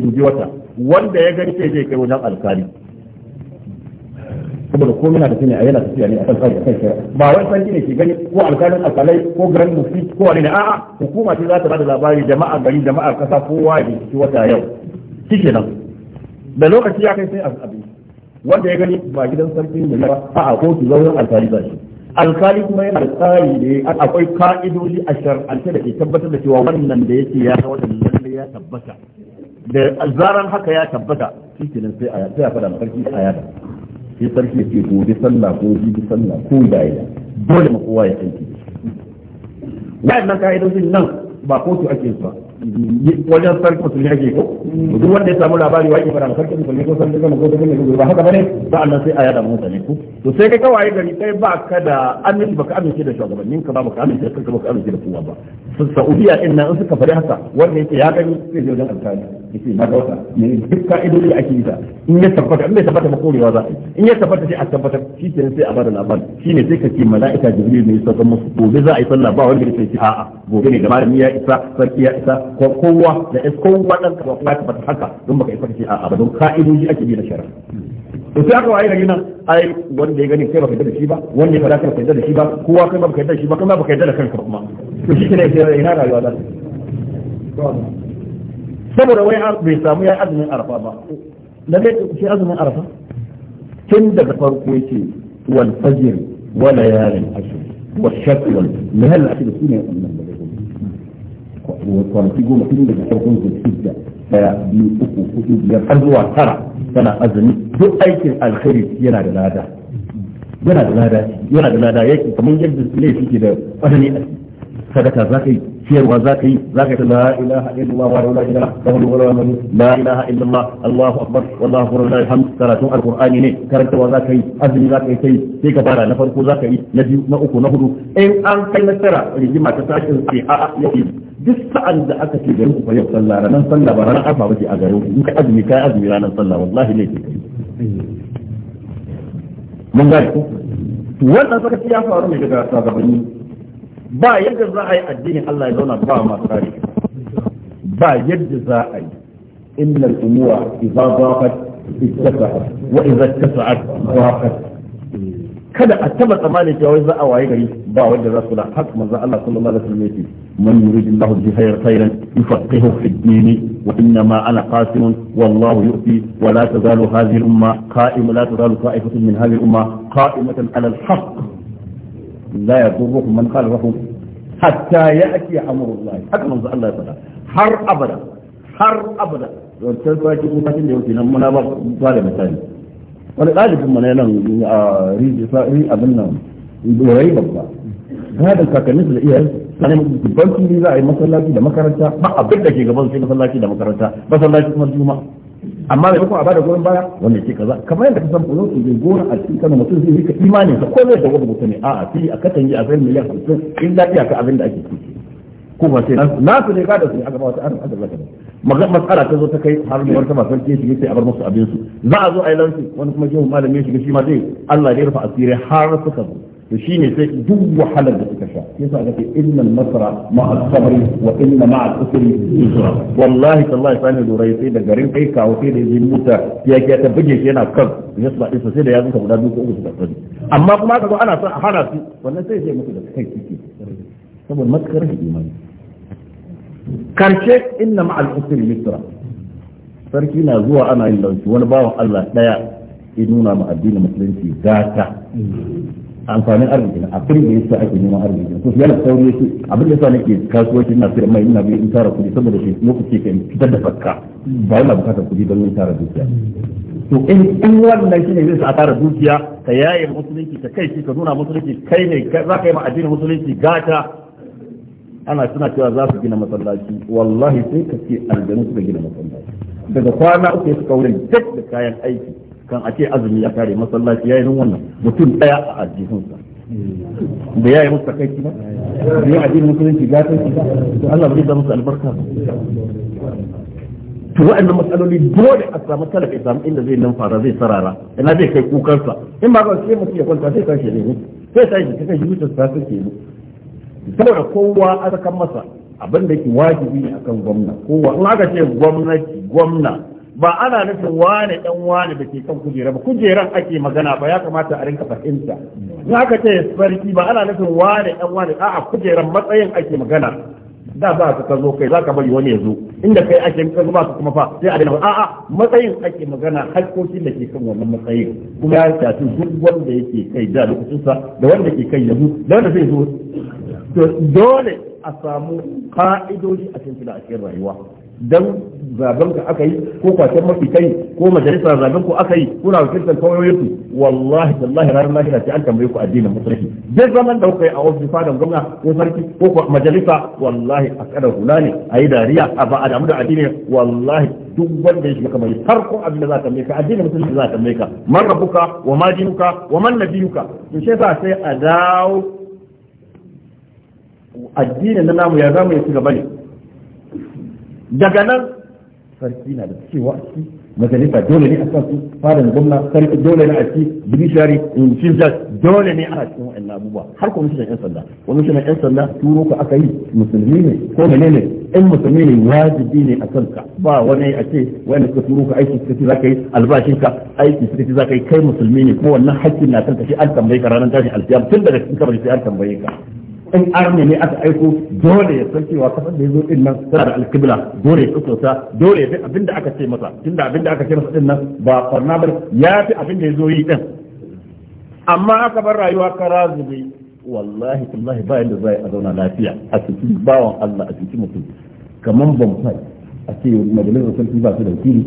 dubi wata wanda ya gani sai zai kai wajen alkali saboda ko da tafiya a yana tafiya ne a kan kai kan kira ba wai sanji ne ke gani ko alkalin alƙalai ko grand mufti ko wani ne a'a hukuma ce za ta bada labari jama'a gari jama'a kasa kowa ne ciki wata yau kike nan da lokaci ya kai sai a abin wanda ya gani ba gidan sarki ne ba a'a ko ki zauren alkali ba shi alkali kuma yana da tsari ne akwai ka'idoji a shar'ance da ke tabbatar da cewa wannan da yake ya wannan ne ya tabbata da zaran haka ya tabbata shi kenan sai a sai a fada mafarki a yada sai sarki ya ce gobe sallah ko jibi sallah ko yaya dole ma kowa ya aiki wa'annan ka'idojin nan ba kotu ake su ba wajen sarki musulmi ake ko duk wanda ya samu labari wa ke fara sarki musulmi ko sarki gama ko sarki ne ba haka bane sa'an nan sai a yada mutane ku to sai kai kawai gari kai ba ka da aminci baka amince da shugabannin ka ba baka amince da kanka baka amince da kowa ba sun Saudiya din nan suka fara haka wanda yake ya gani sai je wajen alkali yace na dauka ne duk ka'idodi ake yi in ya tabbata in bai tabbata ba korewa za a in ya tabbata sai a tabbata shi ke sai a bada sai ka ce mala'ika jibril ne ya sauka musu gobe za a yi sallah ba wanda ya ce a'a gobe ne da malami ya isa sarki ya isa kowa da kowa dan ka kuma ta fata haka don baka yi farki a abadon ka'idoji ake bi na shari'a to sai aka waye gari nan ai wanda ya gani kai baka yarda da shi ba wanda ya fada kai baka yarda da shi ba kowa kai baka yarda da shi ba kai baka yarda da kanka kuma to shi ne sai ina rayuwa da saboda wai bai samu ya azumin arafa ba da kai shi azumin arafa tun daga farko yake wal fajr wa layalin ashr wa shakl min hal ashr sunan annabi kwanaki goma tun daga farkon zulhijja daya biyu uku hudu biyar har zuwa tara tana azumi duk aikin alkhairi yana da lada yana da lada yana da lada yake kamar yadda laifi ke da tsanani a sadaka za ka yi ciyarwa za ka yi za ka yi la ilaha illallah wa la ilaha illallah la ilaha illallah allahu akbar wallahu akbar la ilham karatun alqur'ani ne karantawa za ka yi azumi za ka yi sai sai ka fara na farko za ka yi na biyu na uku na hudu in an kai na tara rigima ta sashin sai a yake duk sa'an da aka ce garin ku fa yau sallah ranar sallah ba ranar afa bace a garin ku in ka azumi ka azumi ranar sallah wallahi ne ke mun ga ku wannan saka ya faru ne daga shugabanni ba yadda za a yi addinin Allah ya zauna ba masu kare ba yadda za a yi إن الأمور إذا ضاقت اتسعت وإذا اتسعت ضاقت kada a taba tsammanin cewa wai za a waye gari ba wanda za su da hak manzo Allah sallallahu alaihi wasallam yake man yuridu Allahu bi khayr khayran yufaqihu fi din wa inna ma ana qasim wallahu yu'ti wa la tazalu hadhihi al-umma qa'imatan la tazalu qa'ifatun min hadhihi al-umma qa'imatan 'ala al-haqq la yadurrukum man qala rahu hatta ya'ti amru Allah hak manzo Allah ya har abada har abada don sai ki kuma kin da yau nan muna ba ba da misali wani ɗalibin mu ne nan a rijisari abin nan rai babba gadon su da iyayensu sanin dubban fili za a yi masallaci da makaranta ba abin da ke gaban sai masallaci da makaranta masallaci kuma juma amma da kuma a bada gurin baya wanda ke kaza kamar yadda ka san ko zai je gona a cikin kana mutum zai rika imanin sa ko zai da wani mutum ne a'a fili a katange a zai miliyan 50 in lafiya ka abin da ake ciki kuma sai na su ne gada su aka ba wata arin aka zaka magan matsala ta zo ta kai har da wata masu ke shige sai a bar musu abin su za a zo a yi lansu wani kuma jihun malami ya shiga shi ma zai Allah ya rufa asiri har suka zo to ne sai duk wahalar da suka sha sa ga inna al-masra ma'a sabri wa inna ma'a al-usri yusra wallahi tallahi sai durai sai da garin kai kawo sai da yin muta ya ke ta buge shi yana kan yasa isa sai da ya zuka guda biyu ko uku suka tsari amma kuma ka zo ana son a hana su wannan sai sai musu da kai kike saboda maskar da imani karshe inna ma'al sarki na zuwa ana yin lauci wani bawan Allah daya ya nuna ma addinin musulunci gata amfanin arziki na da yasa ake neman arziki yana sauri yake abin da yasa nake kasuwanci mai ina tara saboda shi kan fitar da fakka ba bukatar don tara dukiya to in in wannan shine zai sa tara dukiya ka yaye musulunci ka kai shi ka nuna musulunci kai ne za ka yi ma addinin musulunci gata ana suna cewa za su gina masallaci wallahi sai ka ce aljanu suka gina masallaci daga kwana uku suka wurin duk da kayan aiki kan a ce azumi ya kare masallaci Ya yayin wannan mutum daya a aljihunsa da yayi musu takaici ba da ya addinin musulunci gatanci ba to Allah bai da musu albarka to waɗannan matsaloli dole a samu talaka ya samu inda zai nan fara zai sarara ina zai kai kukansa in ba ba sai mutum ya kwanta sai tashi ne sai sai ka kai shi mutum ta suke ne saboda kowa a sakan masa abin da ke wajibi ne akan gwamna kowa in aka ce gwamnati gwamna ba ana nufin wane dan wane da ke kan kujera ba kujeran ake magana ba ya kamata a rinka fahimta in aka ce sarki ba ana nufin wane dan wane a'a kujeran matsayin ake magana da za ka zo kai za ka bari wani ya zo inda kai ake ka zuba ka kuma fa sai a a a'a matsayin ake magana hakkokin da ke kan wannan matsayin kuma ya shafi duk wanda yake kai da lokacin sa da wanda ke kai yanzu da wanda zai zo dole a samu ka'idoji a cikin da ake rayuwa dan zaben ka aka yi ko kwacen mafi kai ko majalisar zaben ku aka yi kuna wakiltar kauyoyinku wallahi tallahi ranar lahira ce an tambaye ku addinin musulunci duk zaman da kuka yi a wasu fadan gwamna ko sarki ko majalisa wallahi a kada hula ne a yi dariya a ba a damu da addini wallahi duk wanda ya shiga kamar farko abin da za ka ka addinin musulunci za ka ka man rabuka wa ma dinuka wa man nabiyuka in shi yasa sai a dawo addinin na namu ya zama ya ci gaba ne daga nan sarki na da cewa a ciki majalisa dole ne a kan su farin gwamna sarki dole ne a ciki judiciary in chief dole ne a cikin wa'annan abubuwa har kwamishinan yan sanda kwamishinan yan sanda turo ka aka yi musulmi ne ko menene in musulmi ne wajibi ne a kanka ba wani a ce wanda suka turo ka aiki suka ce za ka yi albashin ka aiki suka ce za ka yi kai musulmi ne ko wannan hakkin na kanka shi an tambaye ka ranar tashin alfiyar tun daga cikin kamar sai an tambaye ka in arne ne aka aiko dole ya san cewa kasar da ya zo din nan tana da alkibla dole ya dole ya fi abin da aka ce masa tunda abin da aka ce masa din nan ba ba ya fi abin da ya zo yi din amma aka bar rayuwa kara wallahi tallahi ba a zauna lafiya a cikin bawan Allah a cikin mutum kaman a ce majalisar sarki ba su da wakili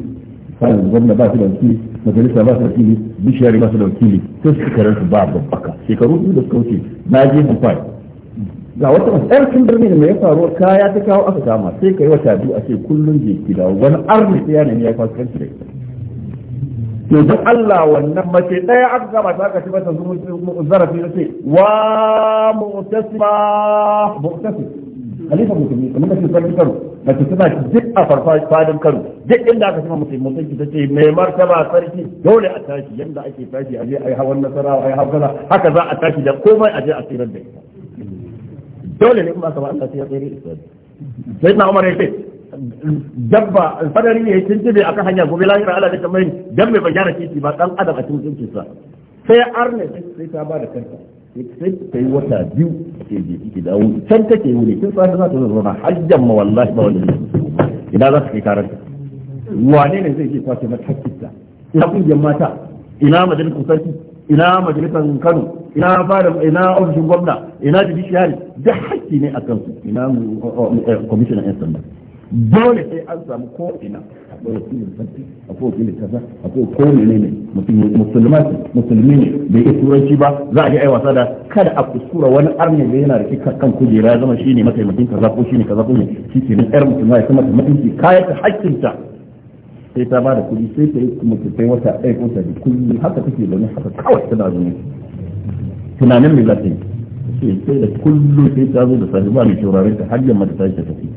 gwamna ba su da wakili majalisa ba su da wakili bishiyar ba su da wakili sai su ba babbaka shekaru biyu da suka wuce na je bamfai ga wata tsarkin birni da mai faruwa kaya ta kawo aka kama sai kai wata biyu a ce kullum je ki dawo wani arziki ya nemi ya fasu kanci da ita to don Allah wannan mace ɗaya aka kama ta aka ci mata zarafi na ce wa mu'tasima mu'tasim khalifa musulmi kamar da sarki karo mace tana duk a farfadin karo duk inda aka cima mutum mutum ta ce mai martaba sarki dole a tashi yanda ake tashi a je a yi hawan nasara a yi hawan haka za a tashi da komai a je a tsirar da ita dole ne kuma ba Allah sai ya tsere isra'i sai na umar ya ce dabba alfadari ne tuntube akan hanya gobe lahi Allah da kamar dan mai bayyana titi ba dan adam a cikin sa sai arne sai ta ba da kanta sai ta yi wata biyu ke je ki dawo can take wuri kin sa za ta zo na hajjan ma wallahi ba wallahi idan za su kai karanta wane ne zai je kwace na hakkinta ina kungiyar mata ina majalisar sarki ina majalisar Kano ina fara ina ofishin gwamna ina judiciary da hakki ne akan su ina eh, eh, commissioner yan sanda dole sai an samu ko ina akwai wakilin sarki akwai wakilin kasa akwai ko ne ne musulmai musulmi ne bai yi turanci ba za a yi aiwasa da kada a kuskura wani arni da yana rike kan kujera zama shi ne mataimakin kaza ko shi ne kaza ko ne shi ke nan yar musulma ya kuma mataimakin kayan ta hakkinta sai ta ba da kuɗi sai ta yi mutuntai wata ɗaya ko ta kullum haka take zaune haka kawai tana zaune tunanin me za ta yi sai sai da kullum sai ta zo da safe ba mai shaurarin ta har yamma da ta ta tafi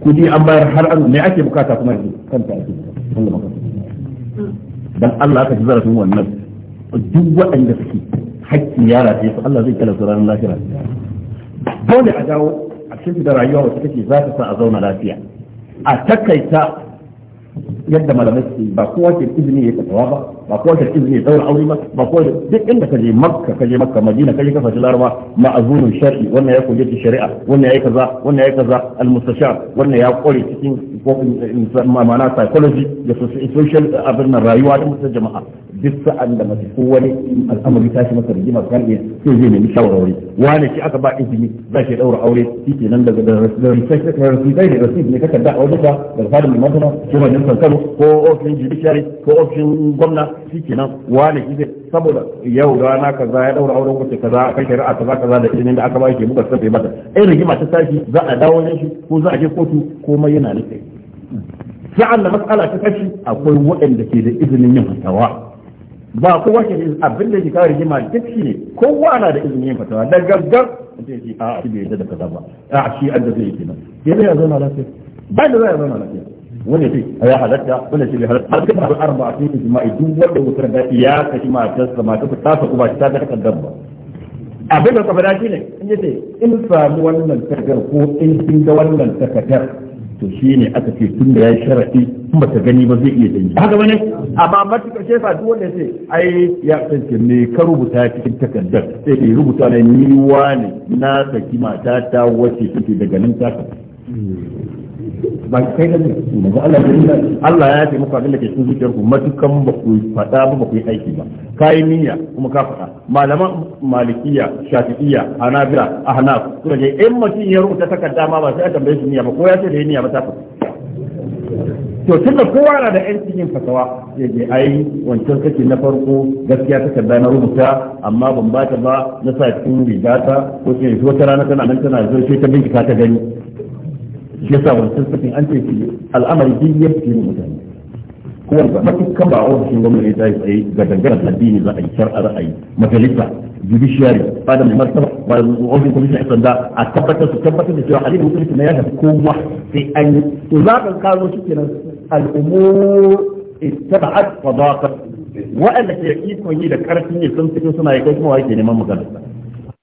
kudi an bayar har an mai ake bukata kuma kanta ake bukata dan Allah aka ji zarafin wannan duk waɗanda suke hakkin yara ce su Allah zai kala su ranar lafiya dole a dawo a cikin da rayuwa wacce kake za ta sa a zauna lafiya a takaita yadda malamai ba kowa ke izini ya tafawa ba ba ko da izini daura aure ba ba ko duk inda je makka je makka madina kafa kasashen laraba ma'azunun shar'i wannan ya koyi shari'a wannan ya kaza wannan ya kaza al-mustashar wannan ya kore cikin eh, eh, ma'ana psychology da social abin rayuwa da mutum jama'a duk sa'an da mace ko wani al'amari ta shi masa rigima kan iya sai zai nemi shawarwari wani shi aka ba izini za shi daura aure shi ke nan daga da rasidai da rasid ne kakan da a wajen daga fadin mai mantana ko wajen sankano ko ofishin judiciary ko ofishin gwamna shi ke nan wani shi zai saboda yau rana kaza ya daura auren kwace kaza kai shari'a kaza kaza da izinin da aka ba shi muka sabai mata in rigima ta tashi za a dawo ne shi ko za a je kotu komai yana nufin sa'an da matsala ta kashi akwai waɗanda ke da izinin yin hatawa ba kowa ke da abin da ke kawo rigima duk shi ne kowa na da izinin yin fatawa da gaggar mutum shi a shi bai yadda da kaza ba a shi an da zai yi nan ke zai zauna lafiya ba da zai zauna lafiya wani ce ya halatta wani ce bai halatta har kuma arba a cikin jima'i duk wanda wutar da ya kashi matarsa matarsa ta sa kuma ta da takardar ba abin da kafa da shi ne in yace in samu wannan takardar ko in kin ga wannan takardar to shi ne aka ce tun da ya yi sharaɗi in ba ta gani ba zai iya danyi haka bane amma matuƙa shefa duk wanda sai ai ya kace me ka rubuta cikin takardar sai ka rubuta na ni wani na saki mata ta wace take daga nan ta ba kai da manzo Allah ya nuna Allah ya yafe muku abin da ke cikin zuciyar ku matukan ba ku fada ba ba ku yi aiki ba kai niyya kuma ka faɗa. malaman malikiya shafi'iyya hanabira ahnaf kuma je in mutum ya rubuta takarda ma ba sai a tambaye shi niyya ba ko ya ce da niyya ba ta fada to tunda kowa na da yancin yin fasawa, ya je ai wancan kake na farko gaskiya ta kadda na rubuta amma ban ba ta ba na sa cikin rigata ko sai wata rana tana nan tana zo sai ta bincika ta gani shi yasa wancan sakin an ce shi al'amari din ya fi mutane kuma ba matukan ba a shi gwamnati ta yi tsaye ga dangaren addini za a yi shar'a ra'ayi majalisa judiciary ba da mai martaba ba da ofin kwamishin ya sanda a tabbatar su tabbatar da cewa halin musulunci na ya shafi kowa sai an yi to za ka kawo shi kenan al'umur ittaba'at fadaqat wa'anda ke ikon yi da karfin ne sun fito suna yi kai kuma wa yake neman magana